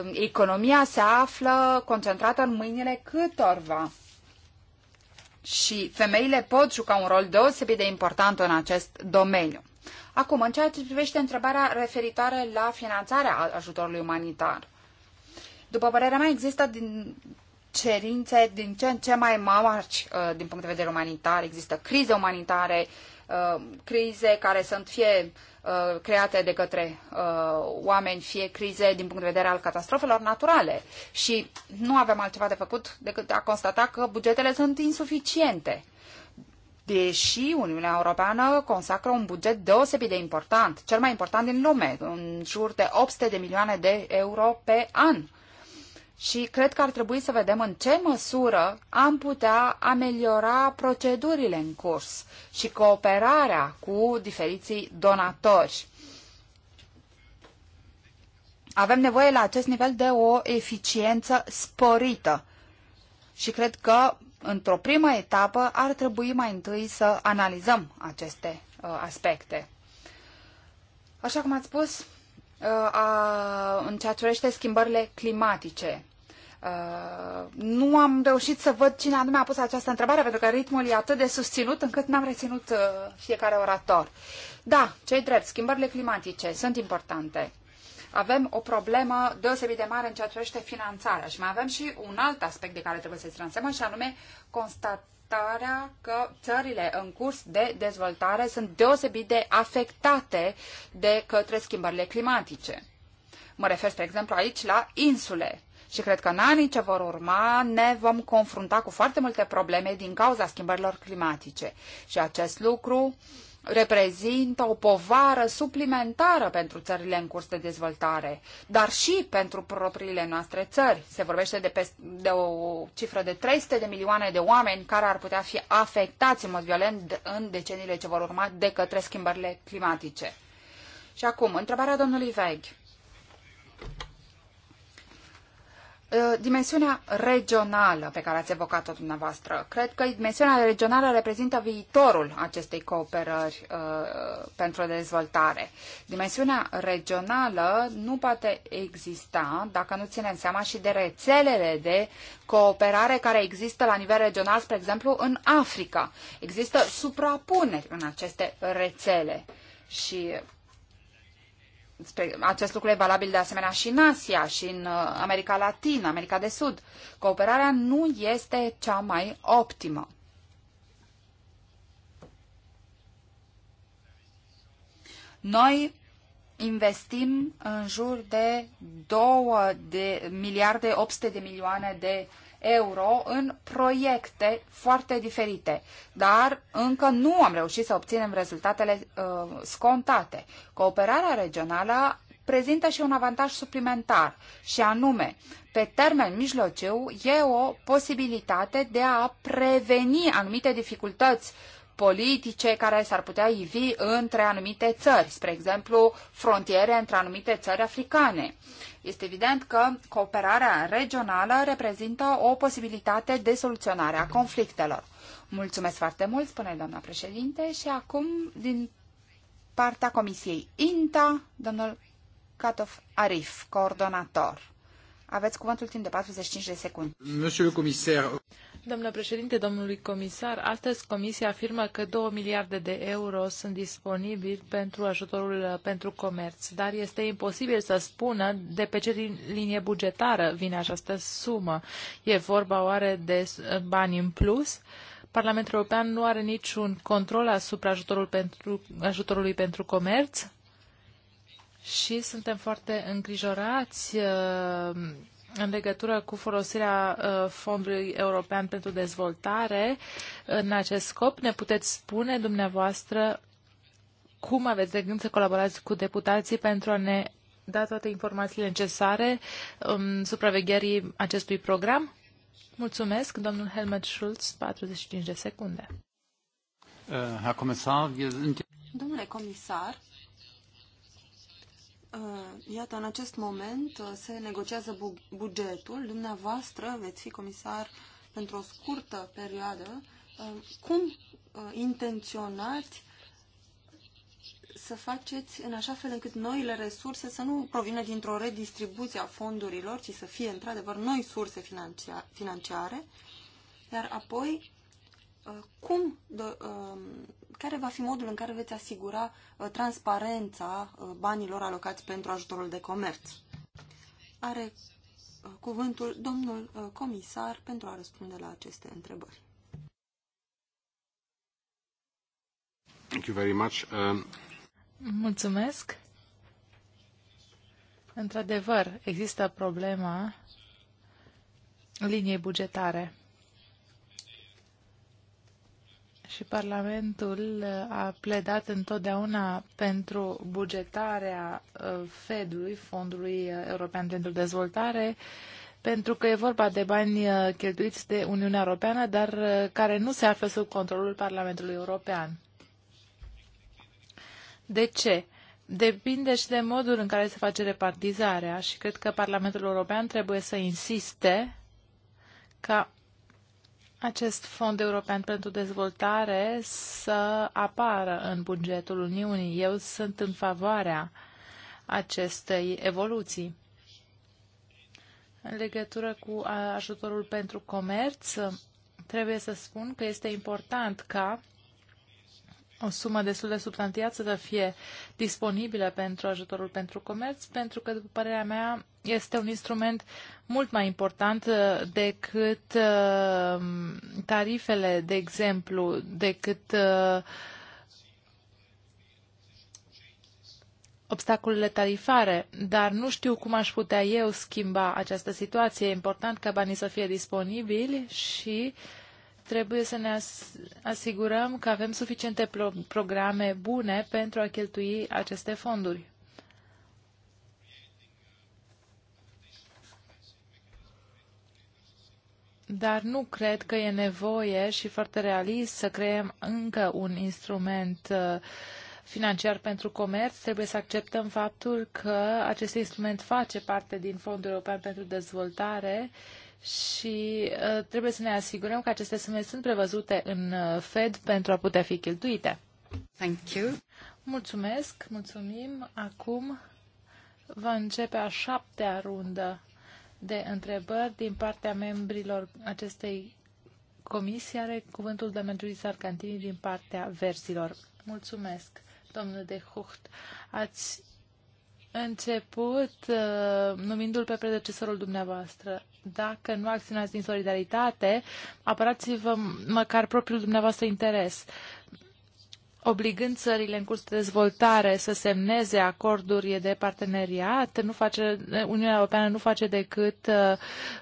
uh, economia se află concentrată în mâinile câtorva. Și femeile pot juca un rol deosebit de important în acest domeniu. Acum, în ceea ce privește întrebarea referitoare la finanțarea ajutorului umanitar. După părerea mea, există din cerințe din ce în ce mai mari uh, din punct de vedere umanitar. Există crize umanitare, Uh, crize care sunt fie uh, create de către uh, oameni, fie crize din punct de vedere al catastrofelor naturale. Și nu avem altceva de făcut decât a constata că bugetele sunt insuficiente. Deși Uniunea Europeană consacră un buget deosebit de important, cel mai important din lume, în jur de 800 de milioane de euro pe an. Uh, și cred că ar trebui să vedem în ce măsură am putea ameliora procedurile în curs și cooperarea cu diferiții donatori. Avem nevoie la acest nivel de o eficiență sporită și cred că într-o primă etapă ar trebui mai întâi să analizăm aceste uh, aspecte. Așa cum ați spus, uh, a, în ceea ce privește schimbările climatice. Uh, nu am reușit să văd cine anume a pus această întrebare, pentru că ritmul e atât de susținut încât n-am reținut uh, fiecare orator. Da, cei drept, schimbările climatice sunt importante. Avem o problemă deosebit de mare în ceea ce privește finanțarea și mai avem și un alt aspect de care trebuie să i seama și anume constatarea că țările în curs de dezvoltare sunt deosebit de afectate de către schimbările climatice. Mă refer, spre exemplu, aici la insule și cred că în anii ce vor urma ne vom confrunta cu foarte multe probleme din cauza schimbărilor climatice. Și acest lucru reprezintă o povară suplimentară pentru țările în curs de dezvoltare, dar și pentru propriile noastre țări. Se vorbește de, pe, de o cifră de 300 de milioane de oameni care ar putea fi afectați în mod violent în deceniile ce vor urma de către schimbările climatice. Și acum, întrebarea domnului Veg. Ă, dimensiunea regională pe care ați evocat-o dumneavoastră. Cred că dimensiunea regională reprezintă viitorul acestei cooperări uh, pentru dezvoltare. Dimensiunea regională nu poate exista dacă nu ținem seama și de rețelele de cooperare care există la nivel regional, spre exemplu, în Africa. Există suprapuneri în aceste rețele și acest lucru e valabil de asemenea și în Asia și în uh, America Latină, America de Sud. Cooperarea nu este cea mai optimă. Noi investim în jur de 2 de miliarde 800 de milioane de euro în proiecte foarte diferite, dar încă nu am reușit să obținem rezultatele uh, scontate. Cooperarea regională prezintă și un avantaj suplimentar, și anume, pe termen mijlociu, e o posibilitate de a preveni anumite dificultăți uh, politice care s-ar putea ivi între anumite țări, spre exemplu, frontiere între anumite țări africane. Este evident că cooperarea regională reprezintă o posibilitate de soluționare a conflictelor. Mulțumesc foarte mult, spune doamna președinte, și acum din partea Comisiei INTA, domnul Katov Arif, coordonator. Aveți cuvântul timp de 45 de secunde. Monsieur le comisar. Domnule președinte, domnului comisar, astăzi Comisia afirmă că 2 miliarde de euro sunt disponibili pentru ajutorul uh, pentru comerț, dar este imposibil să spună de pe ce linie bugetară vine această sumă. E vorba oare de uh, bani în plus? Parlamentul European nu are niciun control asupra ajutorul pentru, ajutorului pentru comerț și suntem foarte îngrijorați uh, în legătură cu folosirea uh, Fondului European pentru Dezvoltare în acest scop. Ne puteți spune dumneavoastră cum aveți de gând să colaborați cu deputații pentru a ne da toate informațiile necesare în um, supravegherii acestui program? Mulțumesc, domnul Helmut Schulz, 45 de secunde. Uh, Domnule comisar, Uh, iată, în acest moment uh, se negociază bu bugetul. Dumneavoastră veți fi comisar pentru o scurtă perioadă. Uh, cum intenționați să faceți în așa fel încât noile resurse să nu provină dintr-o redistribuție a fondurilor, ci să fie într-adevăr noi surse financiare, iar apoi Uh, cum, de, um, care va fi modul în care veți asigura uh, transparența uh, banilor alocați pentru ajutorul de comerț? Are cuvântul domnul comisar pentru a răspunde la aceste întrebări. Thank you very much. Uh... Mulțumesc. Într-adevăr, există problema liniei bugetare și Parlamentul uh, a pledat întotdeauna pentru bugetarea uh, FED-ului, Fondului uh, European pentru Dezvoltare, pentru că e vorba de bani cheltuiți de Uniunea Europeană, dar care nu se află sub controlul Parlamentului European. De ce? Depinde și de modul în care se face repartizarea și cred că Parlamentul European trebuie să insiste ca acest fond european pentru dezvoltare să apară în bugetul Uniunii. Eu sunt în favoarea acestei evoluții. În legătură cu ajutorul pentru comerț, trebuie să spun că este important ca o sumă destul de substanțială să fie disponibilă pentru ajutorul pentru comerț, pentru că, după părerea mea, este un instrument mult mai important uh, decât uh, tarifele, de exemplu, decât uh, obstacolele tarifare, dar nu știu cum aș putea eu schimba această situație. E important ca banii să fie disponibili și uh, Trebuie să ne asigurăm că avem suficiente pro programe bune pentru a cheltui aceste fonduri. Dar nu cred că e nevoie și foarte realist să creăm încă un instrument uh, financiar pentru comerț, trebuie să acceptăm faptul că acest instrument face parte din Fondul European pentru Dezvoltare și uh, trebuie să ne asigurăm că aceste sume sunt prevăzute în uh, Fed pentru a putea fi cheltuite. Thank you. Mulțumesc, mulțumim. Acum va începe a șaptea rundă de întrebări din partea membrilor acestei comisii. Are cuvântul de Giuri Sarcantini din partea versilor. Mulțumesc, domnule de Hucht. Ați început uh, numindu-l pe predecesorul dumneavoastră. Dacă nu acționați din solidaritate, apărați-vă măcar propriul dumneavoastră interes obligând țările în curs de dezvoltare să semneze acorduri de parteneriat, nu face, Uniunea Europeană nu face decât uh,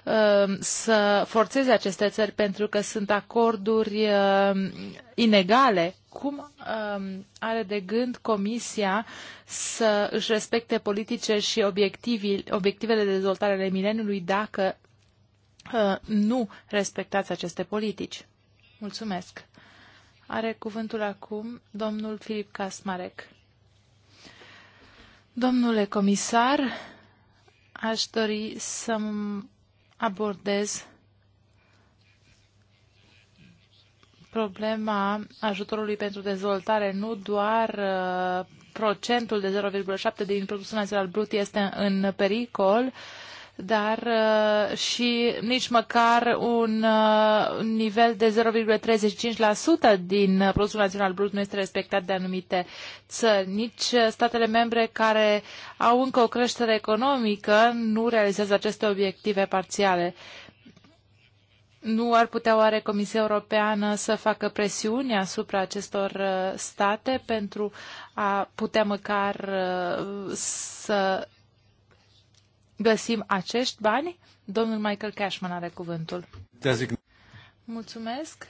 uh să forțeze aceste țări pentru că sunt acorduri uh, inegale. Cum uh, are de gând Comisia să își respecte politice și obiectivele de dezvoltare ale mileniului dacă uh, nu respectați aceste politici? Mulțumesc! Are cuvântul acum domnul Filip Casmarec. Domnule comisar, aș dori să abordez problema ajutorului pentru dezvoltare, nu doar uh, procentul de 0,7 din produsul național brut este în pericol, dar uh, și nici măcar un uh, nivel de 0,35% din uh, produsul național brut nu este respectat de anumite țări. Nici statele membre care au încă o creștere economică nu realizează aceste obiective parțiale. Nu ar putea oare Comisia Europeană să facă presiuni asupra acestor state pentru a putea măcar să găsim acești bani? Domnul Michael Cashman are cuvântul. Mulțumesc.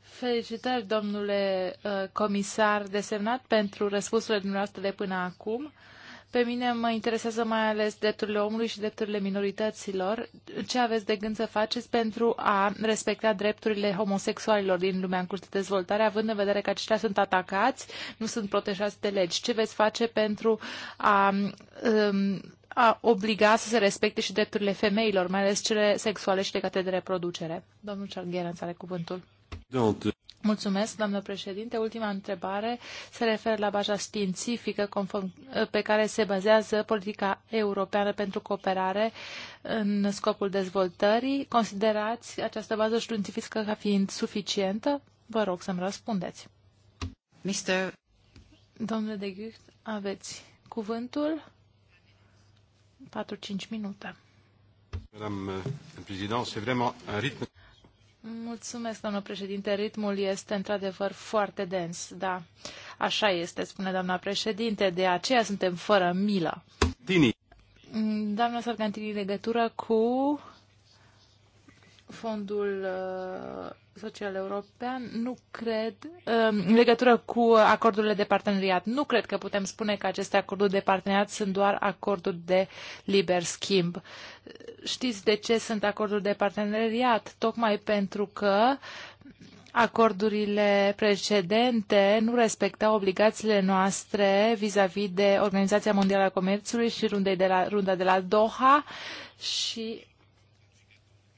Felicitări, domnule uh, comisar desemnat, pentru răspunsurile dumneavoastră de până acum. Pe mine mă interesează mai ales drepturile omului și drepturile minorităților. Ce aveți de gând să faceți pentru a respecta drepturile homosexualilor din lumea în curs de dezvoltare, având în vedere că aceștia sunt atacați, nu sunt protejați de legi? Ce veți face pentru a um, a obliga să se respecte și drepturile femeilor, mai ales cele sexuale și legate de reproducere. Domnul Cergheran are cuvântul. Mulțumesc, doamnă președinte. Ultima întrebare se referă la baza științifică conform, pe care se bazează politica europeană pentru cooperare în scopul dezvoltării. Considerați această bază științifică ca fiind suficientă? Vă rog să-mi răspundeți. Mister... Domnule de Gucht, aveți cuvântul. 4-5 minute. Euh, Mulțumesc, doamnă președinte. Ritmul este într-adevăr foarte dens, da. Așa este, spune doamna președinte, de aceea suntem fără milă. Tini. Doamna Sargantini, legătură cu Fondul uh, Social European, nu cred, um, în legătură cu acordurile de parteneriat, nu cred că putem spune că aceste acorduri de parteneriat sunt doar acorduri de liber schimb. Știți de ce sunt acorduri de parteneriat? Tocmai pentru că acordurile precedente nu respectau obligațiile noastre vis-a-vis de Organizația Mondială a Comerțului și rundei de la, runda de la Doha și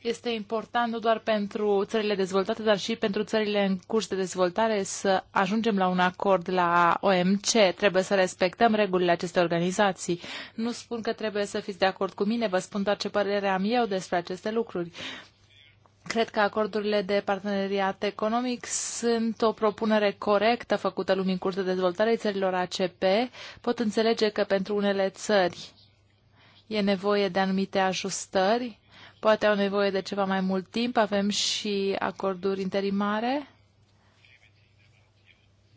este important nu doar pentru țările dezvoltate, dar și pentru țările în curs de dezvoltare să ajungem la un acord la OMC. Trebuie să respectăm regulile acestei organizații. Nu spun că trebuie să fiți de acord cu mine, vă spun doar ce părere am eu despre aceste lucruri. Cred că acordurile de parteneriat economic sunt o propunere corectă făcută lumii în curs de dezvoltare țărilor ACP. Pot înțelege că pentru unele țări e nevoie de anumite ajustări, poate au nevoie de ceva mai mult timp. Avem și acorduri interimare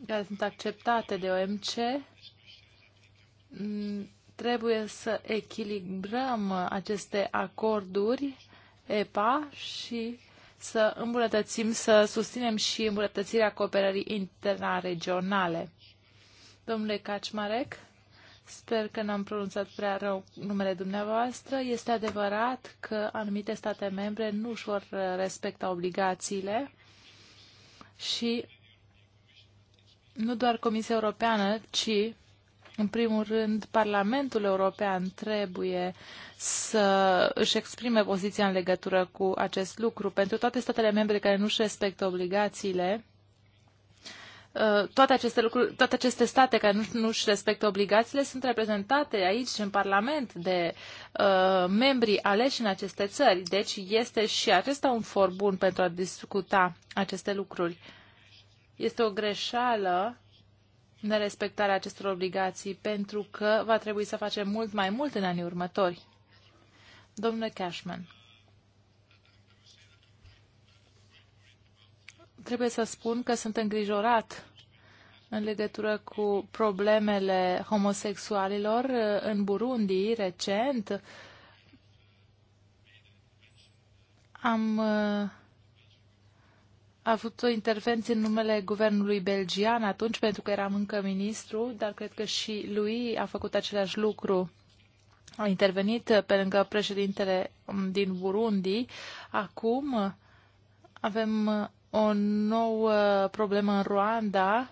care sunt acceptate de OMC. Mm, trebuie să echilibrăm aceste acorduri EPA și să îmbunătățim, să susținem și îmbunătățirea cooperării interregionale. Domnule Kaczmarek? Sper că n-am pronunțat prea rău numele dumneavoastră. Este adevărat că anumite state membre nu își vor respecta obligațiile și nu doar Comisia Europeană, ci în primul rând, Parlamentul European trebuie să își exprime poziția în legătură cu acest lucru. Pentru toate statele membre care nu își respectă obligațiile, Uh, toate aceste lucruri, toate aceste state care nu, nu respectă obligațiile sunt reprezentate aici în Parlament de uh, membrii aleși în aceste țări. Deci este și acesta un for bun pentru a discuta aceste lucruri. Este o greșeală nerespectarea acestor obligații pentru că va trebui să facem mult mai mult în anii următori. Domnule Cashman. trebuie să spun că sunt îngrijorat în legătură cu problemele homosexualilor uh, în Burundi recent. Am uh, avut o intervenție în numele guvernului belgian atunci, pentru că eram încă ministru, dar cred că și lui a făcut același lucru. A intervenit pe lângă președintele um, din Burundi. Acum avem o nouă problemă în Rwanda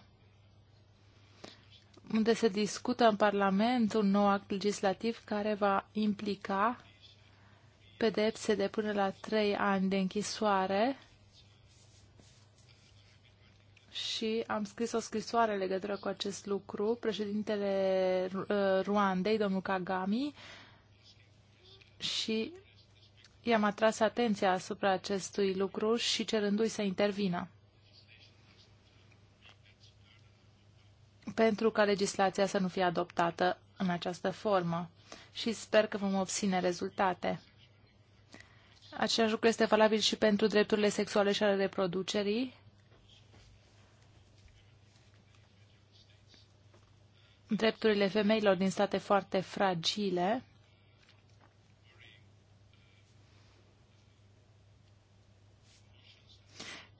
unde se discută în Parlament un nou act legislativ care va implica pedepse de până la trei ani de închisoare și am scris o scrisoare legătură cu acest lucru președintele uh, Ruandei, domnul Kagami, și i-am atras atenția asupra acestui lucru și cerându-i să intervină. pentru ca legislația să nu fie adoptată în această formă și sper că vom obține rezultate. Același lucru este valabil și pentru drepturile sexuale și ale reproducerii. Drepturile femeilor din state foarte fragile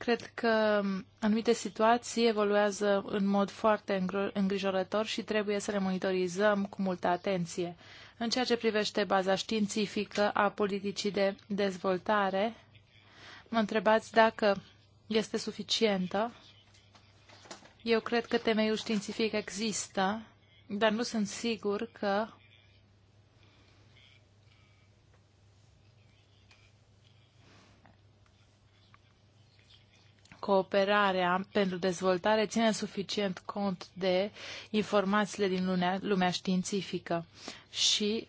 Cred că anumite situații evoluează în mod foarte îngrijorător și trebuie să le monitorizăm cu multă atenție. În ceea ce privește baza științifică a politicii de dezvoltare, mă întrebați dacă este suficientă. Eu cred că temeiul științific există, dar nu sunt sigur că cooperarea pentru dezvoltare ține suficient cont de informațiile din lumea, lumea științifică și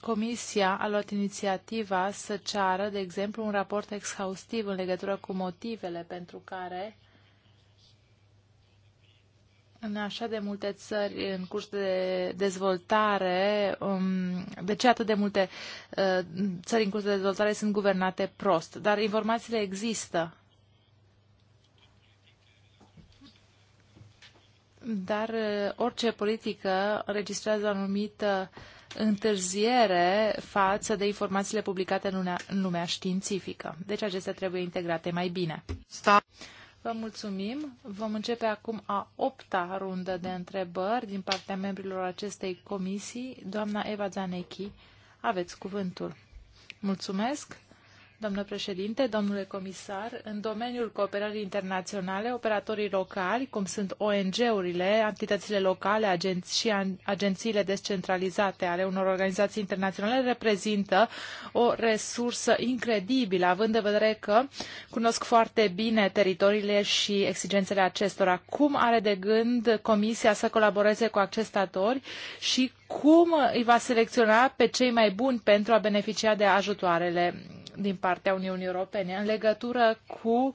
Comisia a luat inițiativa să ceară, de exemplu, un raport exhaustiv în legătură cu motivele pentru care în așa de multe țări în curs de dezvoltare, um, de ce atât de multe uh, țări în curs de dezvoltare sunt guvernate prost? Dar informațiile există Dar uh, orice politică registrează o anumită întârziere față de informațiile publicate în, lumea, în lumea științifică. Deci acestea trebuie integrate mai bine. Sta. Vă mulțumim. Vom începe acum a opta rundă de întrebări din partea membrilor acestei comisii. Doamna Eva Zanechi, aveți cuvântul. Mulțumesc domnule președinte, domnule comisar, în domeniul cooperării internaționale, operatorii locali, cum sunt ONG-urile, entitățile locale agenți și agențiile descentralizate ale unor organizații internaționale, reprezintă o resursă incredibilă, având în vedere că cunosc foarte bine teritoriile și exigențele acestora. Cum are de gând Comisia să colaboreze cu acești statori și cum îi va selecționa pe cei mai buni pentru a beneficia de ajutoarele din partea Uniunii Europene în legătură cu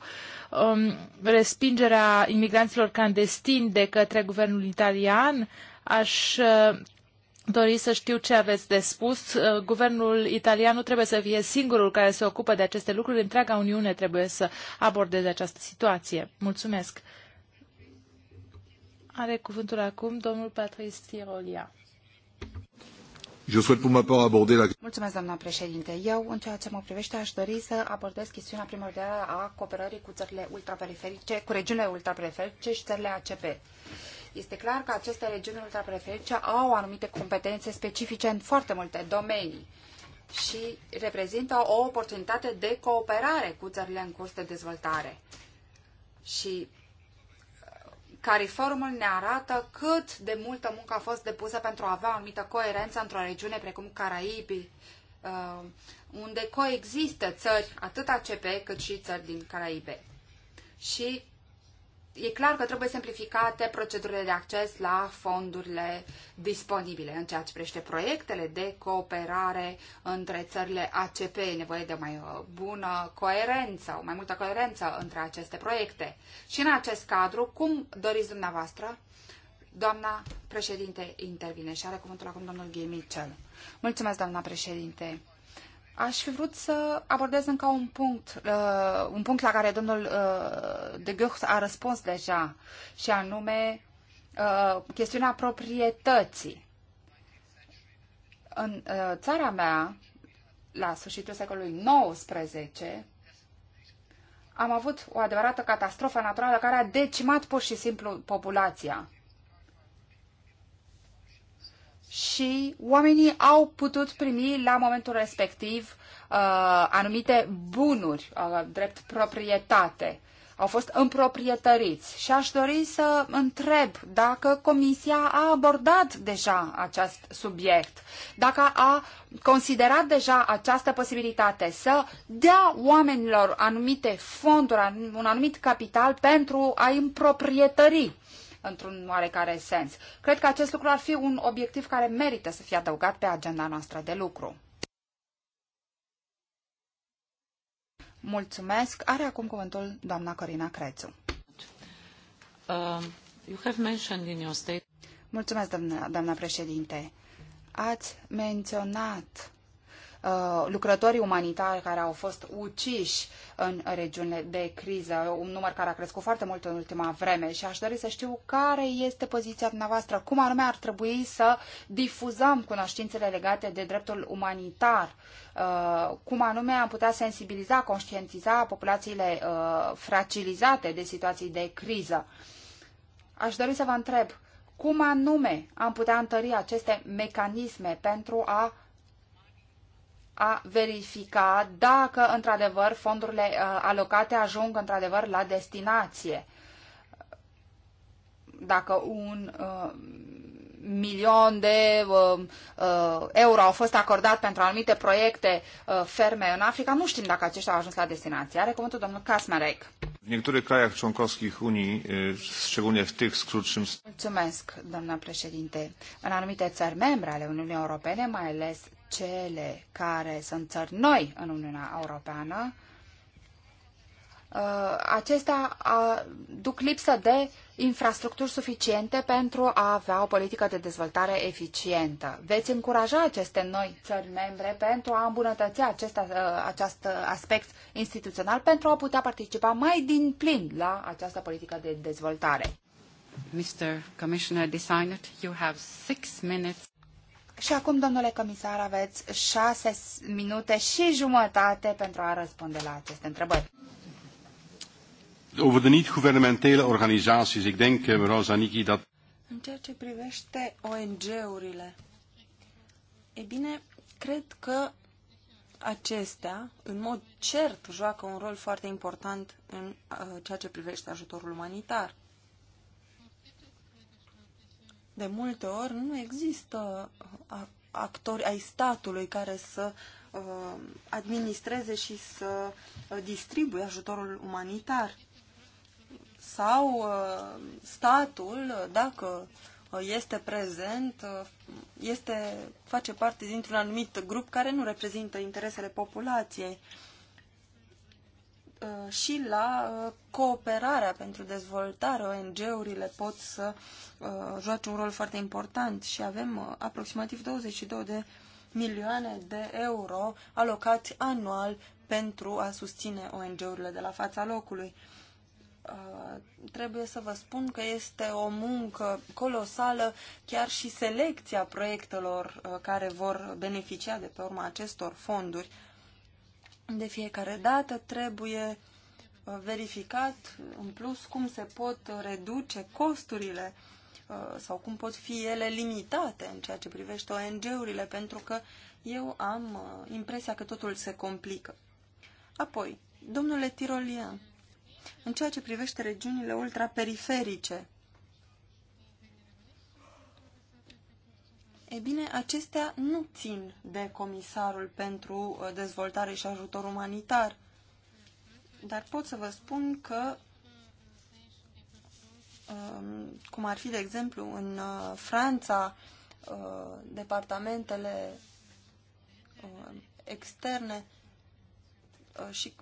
um, respingerea imigranților clandestini de către guvernul italian. Aș uh, dori să știu ce aveți de spus. Uh, guvernul italian nu trebuie să fie singurul care se ocupă de aceste lucruri. Întreaga Uniune trebuie să abordeze această situație. Mulțumesc. Are cuvântul acum domnul Patrice Tirolia la... Mulțumesc, doamna președinte. Eu, în ceea ce mă privește, aș dori să abordez chestiunea primordială a cooperării cu țările ultraperiferice, cu regiunile ultraperiferice și țările ACP. Este clar că aceste regiuni ultraperiferice au anumite competențe specifice în foarte multe domenii și reprezintă o oportunitate de cooperare cu țările în curs de dezvoltare. Și Cariformul ne arată cât de multă muncă a fost depusă pentru a avea o anumită coerență într-o regiune precum Caraibii, uh, unde coexistă țări atât ACP cât și țări din Caraibe. Și e clar că trebuie simplificate procedurile de acces la fondurile disponibile în ceea ce privește proiectele de cooperare între țările ACP. E nevoie de o mai uh, bună coerență, o mai multă coerență între aceste proiecte. Și în acest cadru, cum doriți dumneavoastră, doamna președinte intervine și are cuvântul acum domnul Ghimicel. Mulțumesc, doamna președinte. Aș fi vrut să abordez încă un punct, uh, un punct la care domnul uh, de Gucht a răspuns deja, și anume uh, chestiunea proprietății. În uh, țara mea, la sfârșitul secolului XIX, am avut o adevărată catastrofă naturală care a decimat pur și simplu populația și oamenii au putut primi la momentul respectiv uh, anumite bunuri uh, drept proprietate. Au fost împroprietăriți și aș dori să întreb dacă Comisia a abordat deja acest subiect, dacă a considerat deja această posibilitate să dea oamenilor anumite fonduri, un anumit capital pentru a împroprietări într-un oarecare sens. Cred că acest lucru ar fi un obiectiv care merită să fie adăugat pe agenda noastră de lucru. Mulțumesc. Are acum cuvântul doamna Corina Crețu. Uh, you have mentioned in your state... Mulțumesc, doamna, doamna președinte. Ați menționat Uh, lucrătorii umanitari care au fost uciși în regiunile de criză, un număr care a crescut foarte mult în ultima vreme și aș dori să știu care este poziția dumneavoastră, cum anume ar trebui să difuzăm cunoștințele legate de dreptul umanitar, uh, cum anume am putea sensibiliza, conștientiza populațiile uh, fragilizate de situații de criză. Aș dori să vă întreb, cum anume am putea întări aceste mecanisme pentru a a verifica dacă, într-adevăr, fondurile uh, alocate ajung, într-adevăr, la destinație. Dacă un uh, milion de uh, uh, euro au fost acordat pentru anumite proiecte uh, ferme în Africa, nu știm dacă aceștia au ajuns la destinație. Are cuvântul domnul Kasmarek. W niektórych krajach członkowskich Unii, szczególnie w tych z krótszym... Mulțumesc, doamna președinte. În anumite țări membre ale Uniunii Europene, mai ales cele care sunt țări noi în Uniunea Europeană, uh, acestea uh, duc lipsă de infrastructuri suficiente pentru a avea o politică de dezvoltare eficientă. Veți încuraja aceste noi țări membre pentru a îmbunătăți acest, uh, acest aspect instituțional pentru a putea participa mai din plin la această politică de dezvoltare. Mr. Commissioner Designert, you have six minutes. Și acum, domnule comisar, aveți șase minute și jumătate pentru a răspunde la aceste întrebări. Over de niet-guvernementele organizaties, ik denk, eh, mevrouw Zaniki, dat... În ceea ce privește ONG-urile, e bine, cred că acestea, în mod cert, joacă un rol foarte important în uh, ceea ce privește ajutorul umanitar. De multe ori nu există uh, actori ai statului care să uh, administreze și să uh, distribuie ajutorul umanitar. Sau statul, dacă este prezent, este, face parte dintr-un anumit grup care nu reprezintă interesele populației. Uh, și la uh, cooperarea pentru dezvoltare. ONG-urile pot să uh, joace un rol foarte important și avem aproximativ 22 de milioane de euro alocați anual pentru a susține ONG-urile de la fața locului. Trebuie să vă spun că este o muncă colosală, chiar și selecția proiectelor care vor beneficia de pe urma acestor fonduri de fiecare dată trebuie uh, verificat în plus cum se pot reduce costurile uh, sau cum pot fi ele limitate în ceea ce privește ONG-urile, pentru că eu am uh, impresia că totul se complică. Apoi, domnule Tirolian, în ceea ce privește regiunile ultraperiferice, E bine, acestea nu țin de comisarul pentru uh, dezvoltare și ajutor umanitar, dar pot să vă spun că, um, cum ar fi, de exemplu, în uh, Franța, uh, departamentele externe și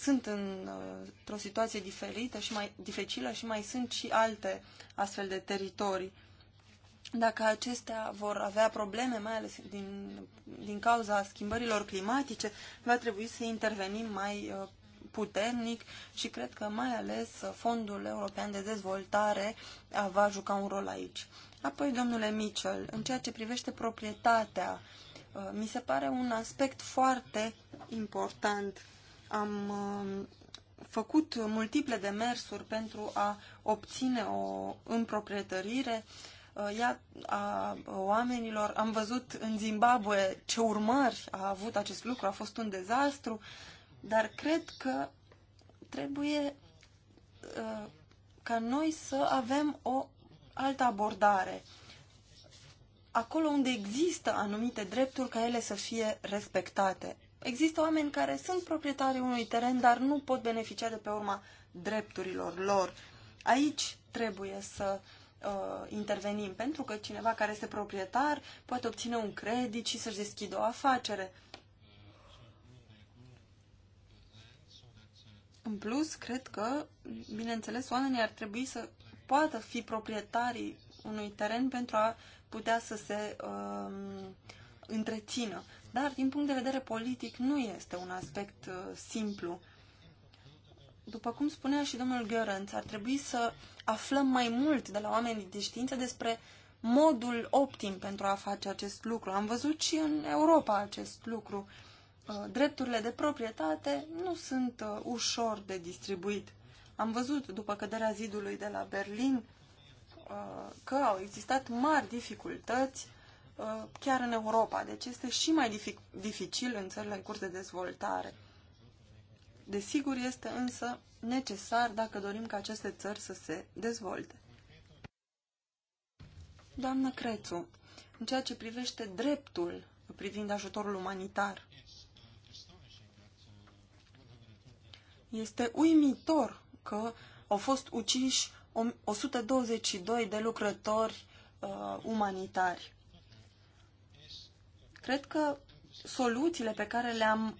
sunt într-o situație diferită și mai dificilă și mai sunt și alte astfel de teritorii dacă acestea vor avea probleme, mai ales din, din cauza schimbărilor climatice, va trebui să intervenim mai uh, puternic și cred că mai ales uh, Fondul European de Dezvoltare uh, va juca un rol aici. Apoi, domnule Mitchell, în ceea ce privește proprietatea, mi se pare un aspect foarte important. Am um, făcut multiple demersuri pentru a obține o împroprietărire Uh, ia, a oamenilor. Am văzut în Zimbabwe ce urmări a avut acest lucru, a fost un dezastru, dar cred că trebuie uh, ca noi să avem o altă abordare. Acolo unde există anumite drepturi, ca ele să fie respectate. Există oameni care sunt proprietarii unui teren, dar nu pot beneficia de pe urma drepturilor lor. Aici trebuie să uh, uh, intervenim, pentru că cineva care este proprietar poate obține un credit și să-și deschidă o afacere. În plus, cred că, bineînțeles, oamenii ar trebui să poată fi proprietarii unui teren pentru a putea să se uh, întrețină. Dar, din punct de vedere politic, nu este un aspect uh, simplu. După cum spunea și domnul Gheorânț, ar trebui să aflăm mai mult de la oamenii de știință despre modul optim pentru a face acest lucru. Am văzut și în Europa acest lucru. Uh, drepturile de proprietate nu sunt uh, ușor de distribuit. Am văzut după căderea zidului de la Berlin uh, că au existat mari dificultăți chiar în Europa, deci este și mai dificil în țările în curs de dezvoltare. Desigur este însă necesar dacă dorim ca aceste țări să se dezvolte. Doamnă Crețu, în ceea ce privește dreptul privind ajutorul umanitar, este uimitor că au fost uciși 122 de lucrători uh, umanitari. Cred că soluțiile pe care le-am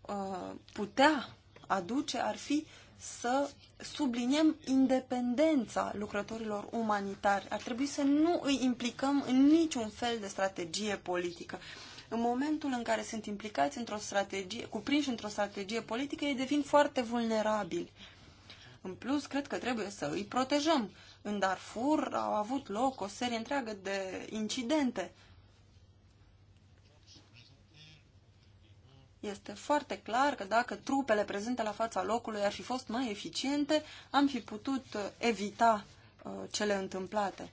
uh, putea aduce ar fi să subliniem independența lucrătorilor umanitari. Ar trebui să nu îi implicăm în niciun fel de strategie politică. În momentul în care sunt implicați într-o strategie, cuprinși într-o strategie politică, ei devin foarte vulnerabili. În plus, cred că trebuie să îi protejăm. În Darfur au avut loc o serie întreagă de incidente Este foarte clar că dacă trupele prezente la fața locului ar fi fost mai eficiente, am fi putut uh, evita uh, cele întâmplate.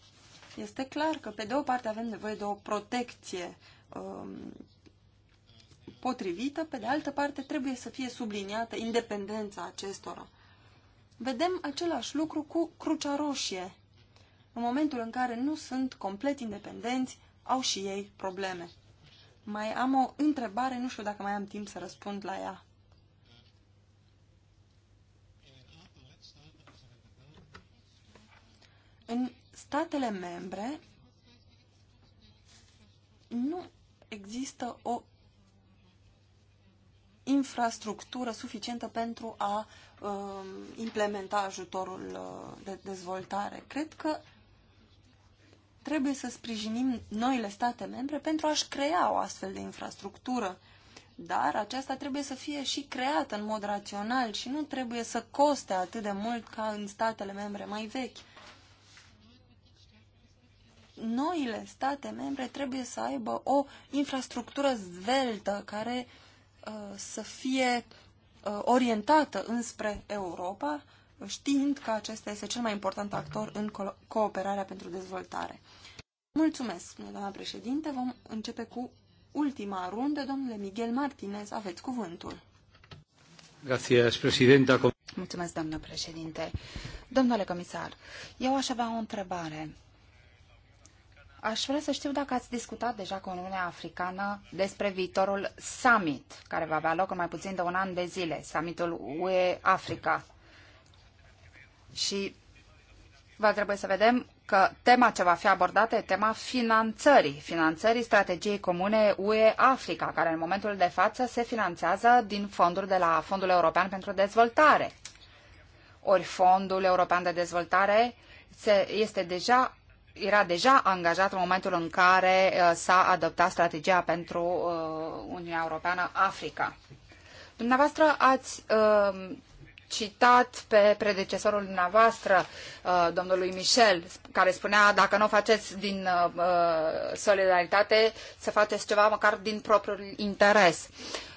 Este clar că, pe de o parte, avem nevoie de o protecție um, potrivită, pe de altă parte, trebuie să fie subliniată independența acestora. Vedem același lucru cu Crucea Roșie. În momentul în care nu sunt complet independenți, au și ei probleme. Mai am o întrebare, nu știu dacă mai am timp să răspund la ea. În statele membre nu există o infrastructură suficientă pentru a uh, implementa ajutorul uh, de dezvoltare. Cred că trebuie să sprijinim noile state membre pentru a-și crea o astfel de infrastructură. Dar aceasta trebuie să fie și creată în mod rațional și nu trebuie să coste atât de mult ca în statele membre mai vechi. Noile state membre trebuie să aibă o infrastructură zveltă care uh, să fie uh, orientată înspre Europa, știind că acesta este cel mai important actor în co cooperarea pentru dezvoltare. Mulțumesc, doamna președinte. Vom începe cu ultima rundă. Domnule Miguel Martinez, aveți cuvântul. Gracias, presidenta. Mulțumesc, doamnă președinte. Domnule comisar, eu aș avea o întrebare. Aș vrea să știu dacă ați discutat deja cu Uniunea Africană despre viitorul summit, care va avea loc în mai puțin de un an de zile, summitul UE-Africa. Și va trebui să vedem că tema ce va fi abordată e tema finanțării, finanțării strategiei comune UE-Africa, care în momentul de față se finanțează din fonduri de la Fondul European pentru Dezvoltare. Ori Fondul European de Dezvoltare se, este deja, era deja angajat în momentul în care uh, s-a adoptat strategia pentru uh, Uniunea Europeană-Africa. Dumneavoastră ați uh, citat pe predecesorul dumneavoastră, uh, domnului Michel, care spunea, dacă nu o faceți din uh, uh, solidaritate, să faceți ceva măcar din propriul interes.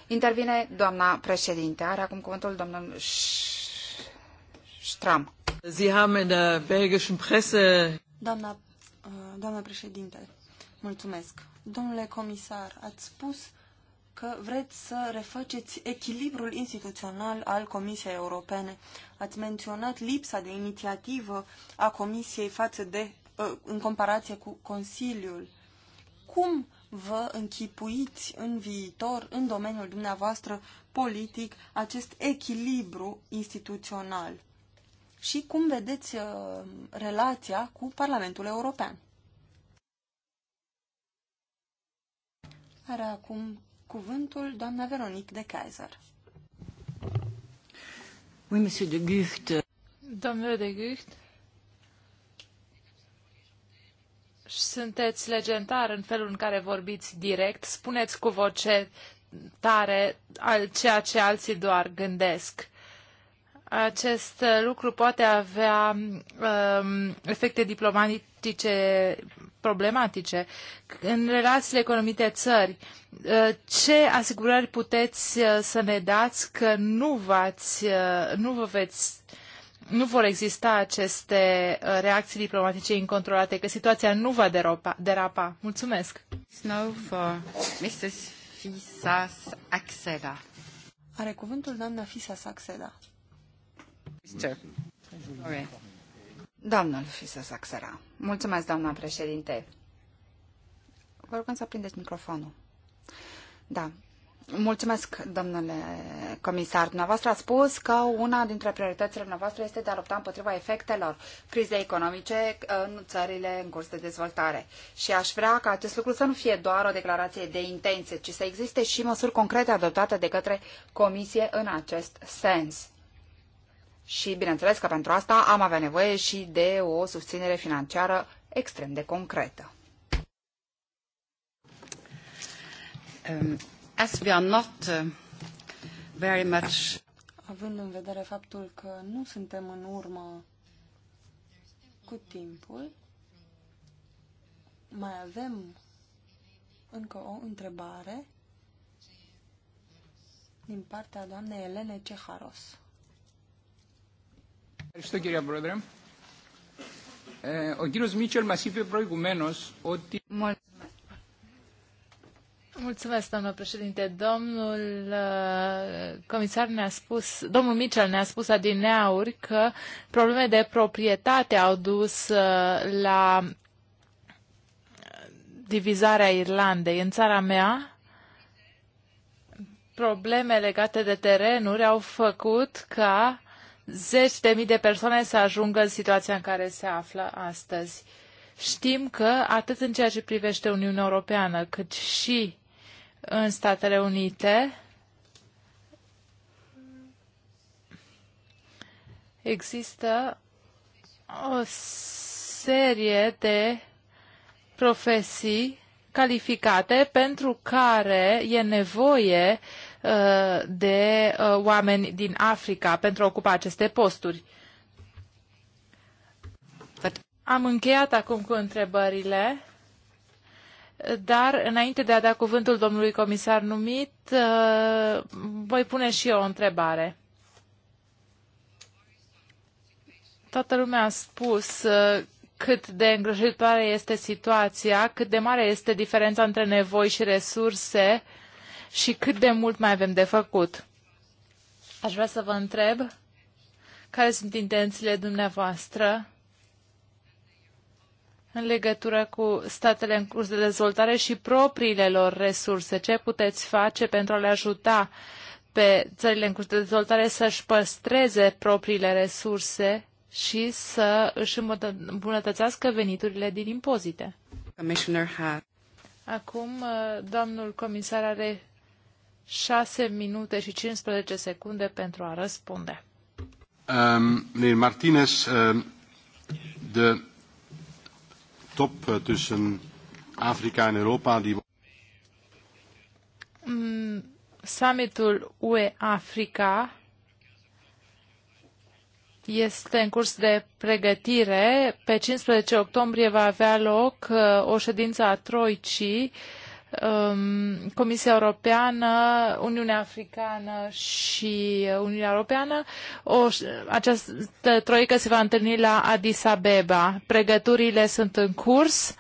Intervine doamna președinte. Are acum cuvântul domnul Stram. Sie haben in der belgischen Presse... Doamna, doamna președinte, mulțumesc. Domnule comisar, ați spus că vreți să refaceți echilibrul instituțional al Comisiei Europene. Ați menționat lipsa de inițiativă a Comisiei față de, ă, în comparație cu Consiliul. Cum vă închipuiți în viitor, în domeniul dumneavoastră politic, acest echilibru instituțional? Și cum vedeți ă, relația cu Parlamentul European? Are acum cuvântul doamna Veronic de Kaiser. Oui, monsieur de Gucht. Domnule de Gucht, sunteți legendar în felul în care vorbiți direct, spuneți cu voce tare al ceea ce alții doar gândesc. Acest lucru poate avea um, efecte diplomatice problematice. În relațiile economice țări, uh, Uh, ce asigurări puteți uh, să ne dați că nu, v-ați, uh, nu vă veți nu vor exista aceste reacții diplomatice incontrolate, că situația nu va deropa, derapa. Mulțumesc! Snow for Mrs. Fisa Saxeda. Are cuvântul doamna Fisa Saxeda. Doamnul Fisa Saxeda. Mulțumesc, doamna președinte. Vă rog să prindeți microfonul. Da. Mulțumesc, domnule comisar. Dumneavoastră a spus că una dintre prioritățile noastre este de a lupta împotriva efectelor crizei economice în țările în curs de dezvoltare. Și aș vrea ca acest lucru să nu fie doar o declarație de intenție, ci să existe și măsuri concrete adoptate de către Comisie în acest sens. Și bineînțeles că pentru asta am avea nevoie și de o susținere financiară extrem de concretă. Um, as we are not uh, very much... Având în vedere faptul că nu suntem în urmă cu timpul, mai avem încă o întrebare din partea doamnei Elene Ceharos. Ευχαριστώ κυρία Πρόεδρε. Ο κύριος Μίτσελ μας είπε προηγουμένως ότι... Mulțumesc. Mulțumesc, doamnă președinte. Domnul uh, comisar ne-a spus, domnul Mitchell ne-a spus adineauri că probleme de proprietate au dus uh, la divizarea Irlandei. În țara mea, probleme legate de terenuri au făcut ca zeci de mii de persoane să ajungă în situația în care se află astăzi. Știm că atât în ceea ce privește Uniunea Europeană, cât și în Statele Unite există o serie de profesii calificate pentru care e nevoie uh, de uh, oameni din Africa pentru a ocupa aceste posturi. Am încheiat acum cu întrebările. Dar, înainte de a da cuvântul domnului comisar numit, uh, voi pune și eu o întrebare. Toată lumea a spus uh, cât de îngrijitoare este situația, cât de mare este diferența între nevoi și resurse și cât de mult mai avem de făcut. Aș vrea să vă întreb care sunt intențiile dumneavoastră în legătură cu statele în curs de dezvoltare și propriile lor resurse. Ce puteți face pentru a le ajuta pe țările în curs de dezvoltare să-și păstreze propriile resurse și să își îmbunătățească veniturile din impozite? Acum, uh, domnul comisar are 6 minute și 15 secunde pentru a răspunde. Um, Martinez, um, de top tussen en Europa die mm, summitul UE-Africa este în curs de pregătire. Pe 15 octombrie va avea loc uh, o ședință a Troicii Um, Comisia Europeană, Uniunea Africană și Uniunea Europeană. O, această troică se va întâlni la Addis Abeba. Pregăturile sunt în curs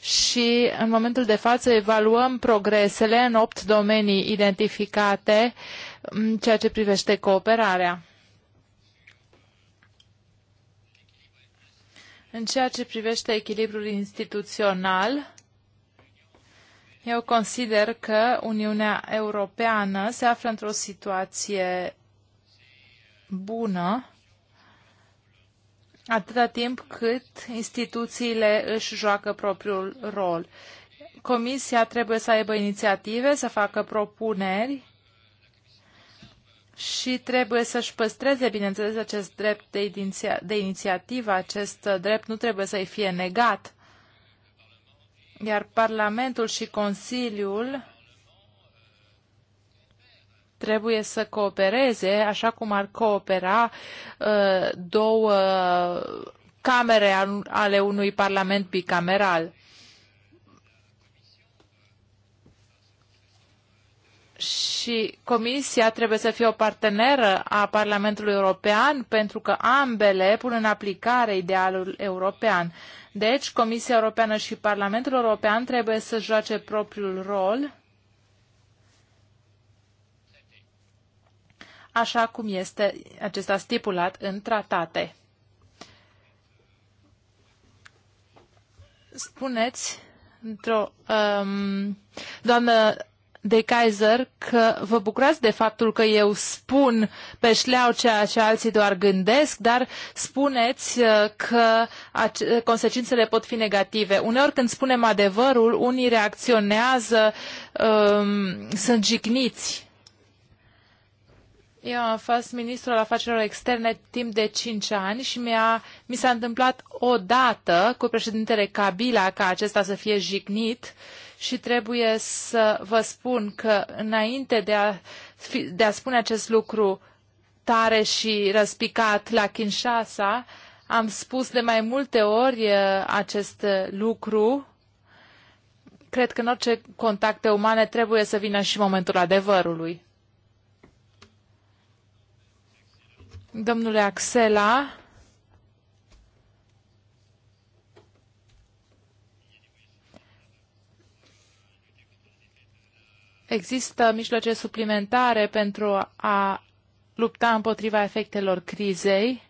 și în momentul de față evaluăm progresele în opt domenii identificate în um, ceea ce privește cooperarea. În ceea ce privește echilibrul instituțional, eu consider că Uniunea Europeană se află într-o situație bună atâta timp cât instituțiile își joacă propriul rol. Comisia trebuie să aibă inițiative, să facă propuneri și trebuie să-și păstreze, bineînțeles, acest drept de, iniția- de inițiativă, acest drept nu trebuie să-i fie negat iar Parlamentul și Consiliul trebuie să coopereze așa cum ar coopera uh, două camere ale unui Parlament bicameral. și Comisia trebuie să fie o parteneră a Parlamentului European pentru că ambele pun în aplicare idealul european. Deci, Comisia Europeană și Parlamentul European trebuie să joace propriul rol, așa cum este acesta stipulat în tratate. Spuneți, într-o, um, doamnă de Kaiser că vă bucurați de faptul că eu spun pe șleau ceea ce alții doar gândesc, dar spuneți uh, că consecințele pot fi negative. Uneori când spunem adevărul, unii reacționează, um, sunt jigniți. Eu am fost ministrul al afacerilor externe timp de 5 ani și mi-a, mi s-a întâmplat odată cu președintele Kabila ca acesta să fie jignit uh, și trebuie să vă spun că înainte de a, fi, de a spune acest lucru tare și răspicat la Kinshasa, am spus de mai multe ori uh, acest lucru. Cred că în orice contacte umane trebuie să vină și momentul adevărului. Domnule Axela, Există mijloace suplimentare pentru a lupta împotriva efectelor crizei.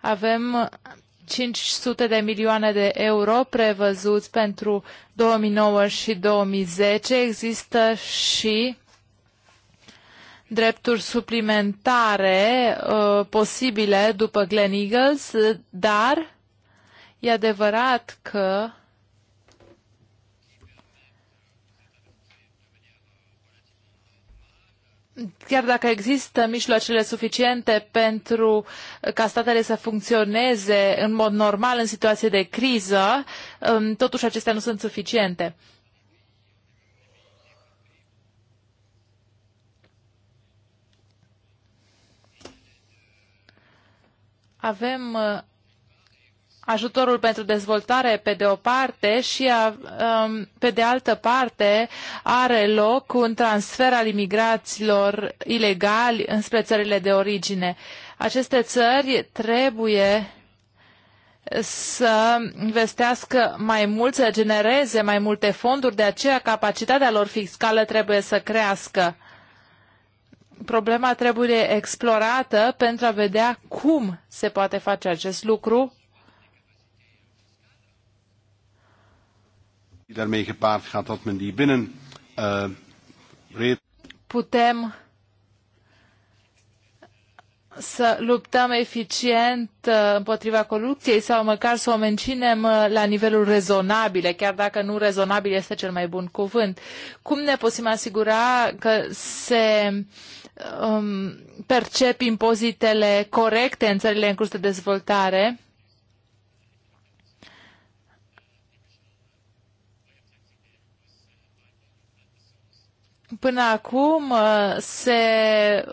Avem 500 de milioane de euro prevăzuți pentru 2009 și 2010. Există și drepturi suplimentare uh, posibile după Glen Eagles, dar e adevărat că chiar dacă există mijloacele suficiente pentru ca statele să funcționeze în mod normal în situație de criză, um, totuși acestea nu sunt suficiente. Avem uh, ajutorul pentru dezvoltare pe de o parte și a, um, pe de altă parte are loc un transfer al imigraților ilegali înspre țările de origine. Aceste țări trebuie să investească mai mult, să genereze mai multe fonduri, de aceea capacitatea lor fiscală trebuie să crească. Problema trebuie explorată pentru a vedea cum se poate face acest lucru Daarmee gepaard gaat dat men die binnen eh, Putem să luptăm eficient eh, împotriva corupției sau măcar să o menținem eh, la nivelul rezonabile, chiar dacă nu rezonabil este cel mai bun cuvânt. Cum ne putem asigura că se um, percep impozitele corecte în țările în curs de dezvoltare? Până acum uh, se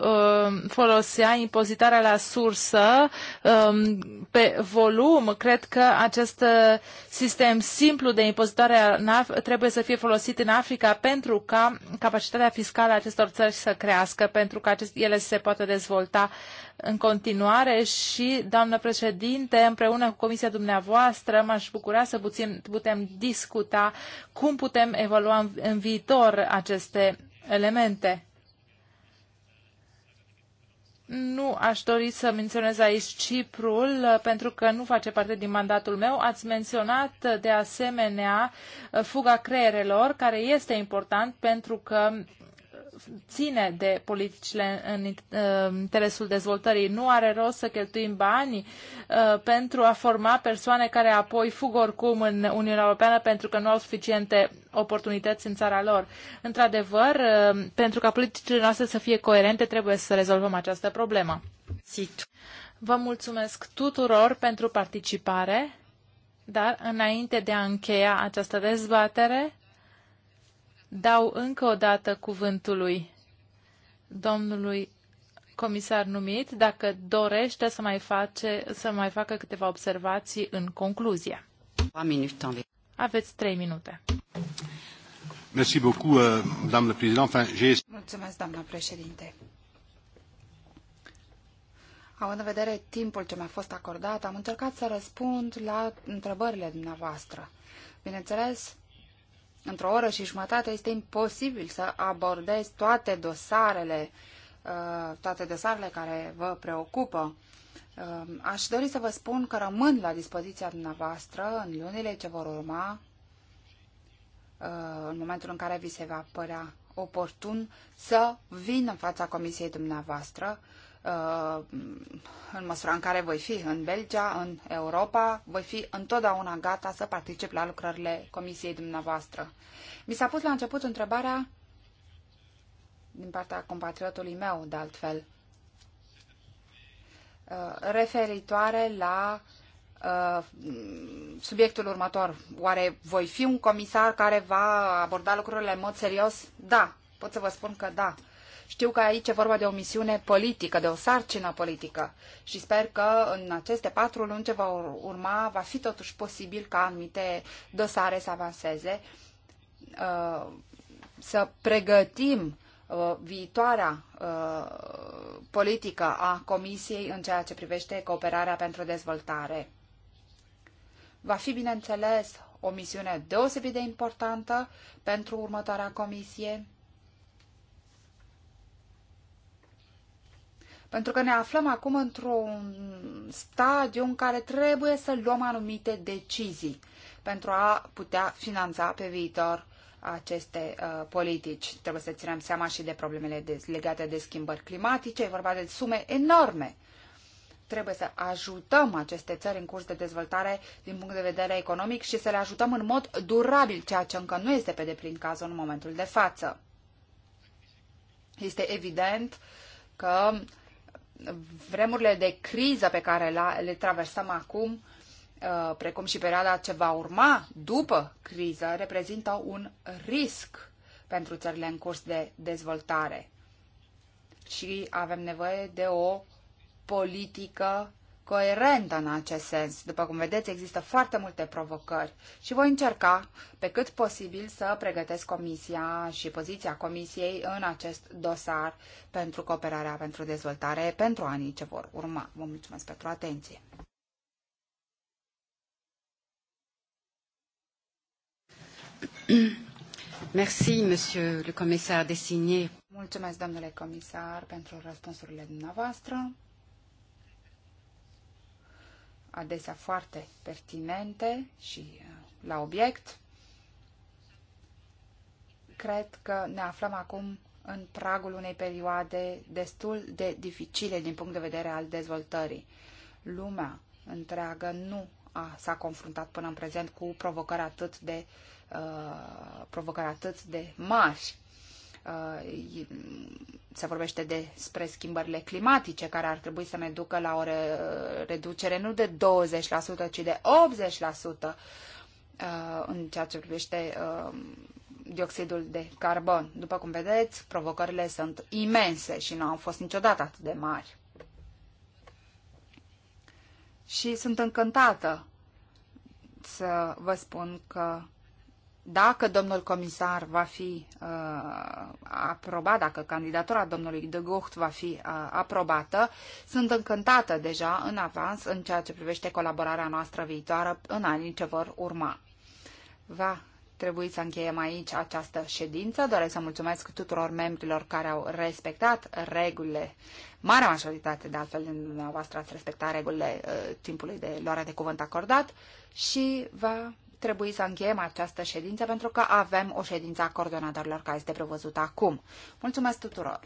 uh, folosea impozitarea la sursă um, pe volum. Cred că acest uh, sistem simplu de impozitare trebuie să fie folosit în Africa pentru ca capacitatea fiscală a acestor țări să crească, pentru că ele se poată dezvolta în continuare și, doamnă președinte, împreună cu comisia dumneavoastră, m-aș bucura să putem discuta cum putem evolua în viitor aceste elemente. Nu aș dori să menționez aici Ciprul, pentru că nu face parte din mandatul meu. Ați menționat de asemenea fuga creierelor, care este important pentru că ține de politicile în uh, interesul dezvoltării. Nu are rost să cheltuim bani uh, pentru a forma persoane care apoi fug oricum în Uniunea Europeană pentru că nu au suficiente oportunități în țara lor. Într-adevăr, uh, pentru ca politicile noastre să fie coerente, trebuie să rezolvăm această problemă. Vă mulțumesc tuturor pentru participare, dar înainte de a încheia această dezbatere, Dau încă o dată cuvântului domnului comisar numit, dacă dorește să mai, face, să mai facă câteva observații în concluzie. Aveți trei minute. Merci beaucoup, euh, doamnă președinte. Mulțumesc, doamnă președinte. Având în vedere timpul ce mi-a fost acordat, am încercat să răspund la întrebările dumneavoastră. Bineînțeles, într-o oră și jumătate este imposibil să abordez toate dosarele, uh, toate dosarele care vă preocupă. Uh, aș dori să vă spun că rămân la dispoziția dumneavoastră în lunile ce vor urma, uh, în momentul în care vi se va părea oportun să vin în fața comisiei dumneavoastră Uh, în măsura în care voi fi în Belgia, în Europa, voi fi întotdeauna gata să particip la lucrările comisiei dumneavoastră. Mi s-a pus la început întrebarea din partea compatriotului meu, de altfel, uh, referitoare la uh, subiectul următor. Oare voi fi un comisar care va aborda lucrurile în mod serios? Da, pot să vă spun că da. Știu că aici e vorba de o misiune politică, de o sarcină politică și sper că în aceste patru luni ce va urma va fi totuși posibil ca anumite dosare să avanseze, uh, să pregătim uh, viitoarea uh, politică a Comisiei în ceea ce privește cooperarea pentru dezvoltare. Va fi, bineînțeles, o misiune deosebit de importantă pentru următoarea comisie Pentru că ne aflăm acum într-un stadiu în care trebuie să luăm anumite decizii pentru a putea finanța pe viitor aceste uh, politici. Trebuie să ținem seama și de problemele de, legate de schimbări climatice, e vorba de sume enorme. Trebuie să ajutăm aceste țări în curs de dezvoltare din punct de vedere economic și să le ajutăm în mod durabil, ceea ce încă nu este pe deplin cazul în momentul de față. Este evident că vremurile de criză pe care le traversăm acum, uh, precum și perioada ce va urma după criză, reprezintă un risc pentru țările în curs de dezvoltare. Și avem nevoie de o politică coerentă în acest sens. După cum vedeți, există foarte multe provocări și voi încerca pe cât posibil să pregătesc comisia și poziția comisiei în acest dosar pentru cooperarea pentru dezvoltare pentru anii ce vor urma. Vă mulțumesc pentru atenție. [clears throat] Merci, monsieur le commissaire désigné. Mulțumesc, domnule comisar, pentru răspunsurile dumneavoastră adesea foarte pertinente și uh, la obiect. Cred că ne aflăm acum în pragul unei perioade destul de dificile din punct de vedere al dezvoltării. Lumea întreagă nu a, s-a confruntat până în prezent cu provocări atât de, uh, provocări atât de mari Uh, se vorbește despre schimbările climatice care ar trebui să ne ducă la o reducere nu de 20%, ci de 80% uh, în ceea ce privește uh, dioxidul de carbon. După cum vedeți, provocările sunt imense și nu au fost niciodată atât de mari. Și sunt încântată să vă spun că dacă domnul comisar va fi uh, aprobat, dacă candidatura domnului de Gucht va fi uh, aprobată, sunt încântată deja în avans în ceea ce privește colaborarea noastră viitoară în anii ce vor urma. Va trebui să încheiem aici această ședință. Doresc să mulțumesc tuturor membrilor care au respectat regulile. Marea majoritate, de altfel, din dumneavoastră ați respectat regulile uh, timpului de luare de cuvânt acordat și va trebui să încheiem această ședință pentru că avem o ședință a coordonatorilor care este prevăzută acum. Mulțumesc tuturor!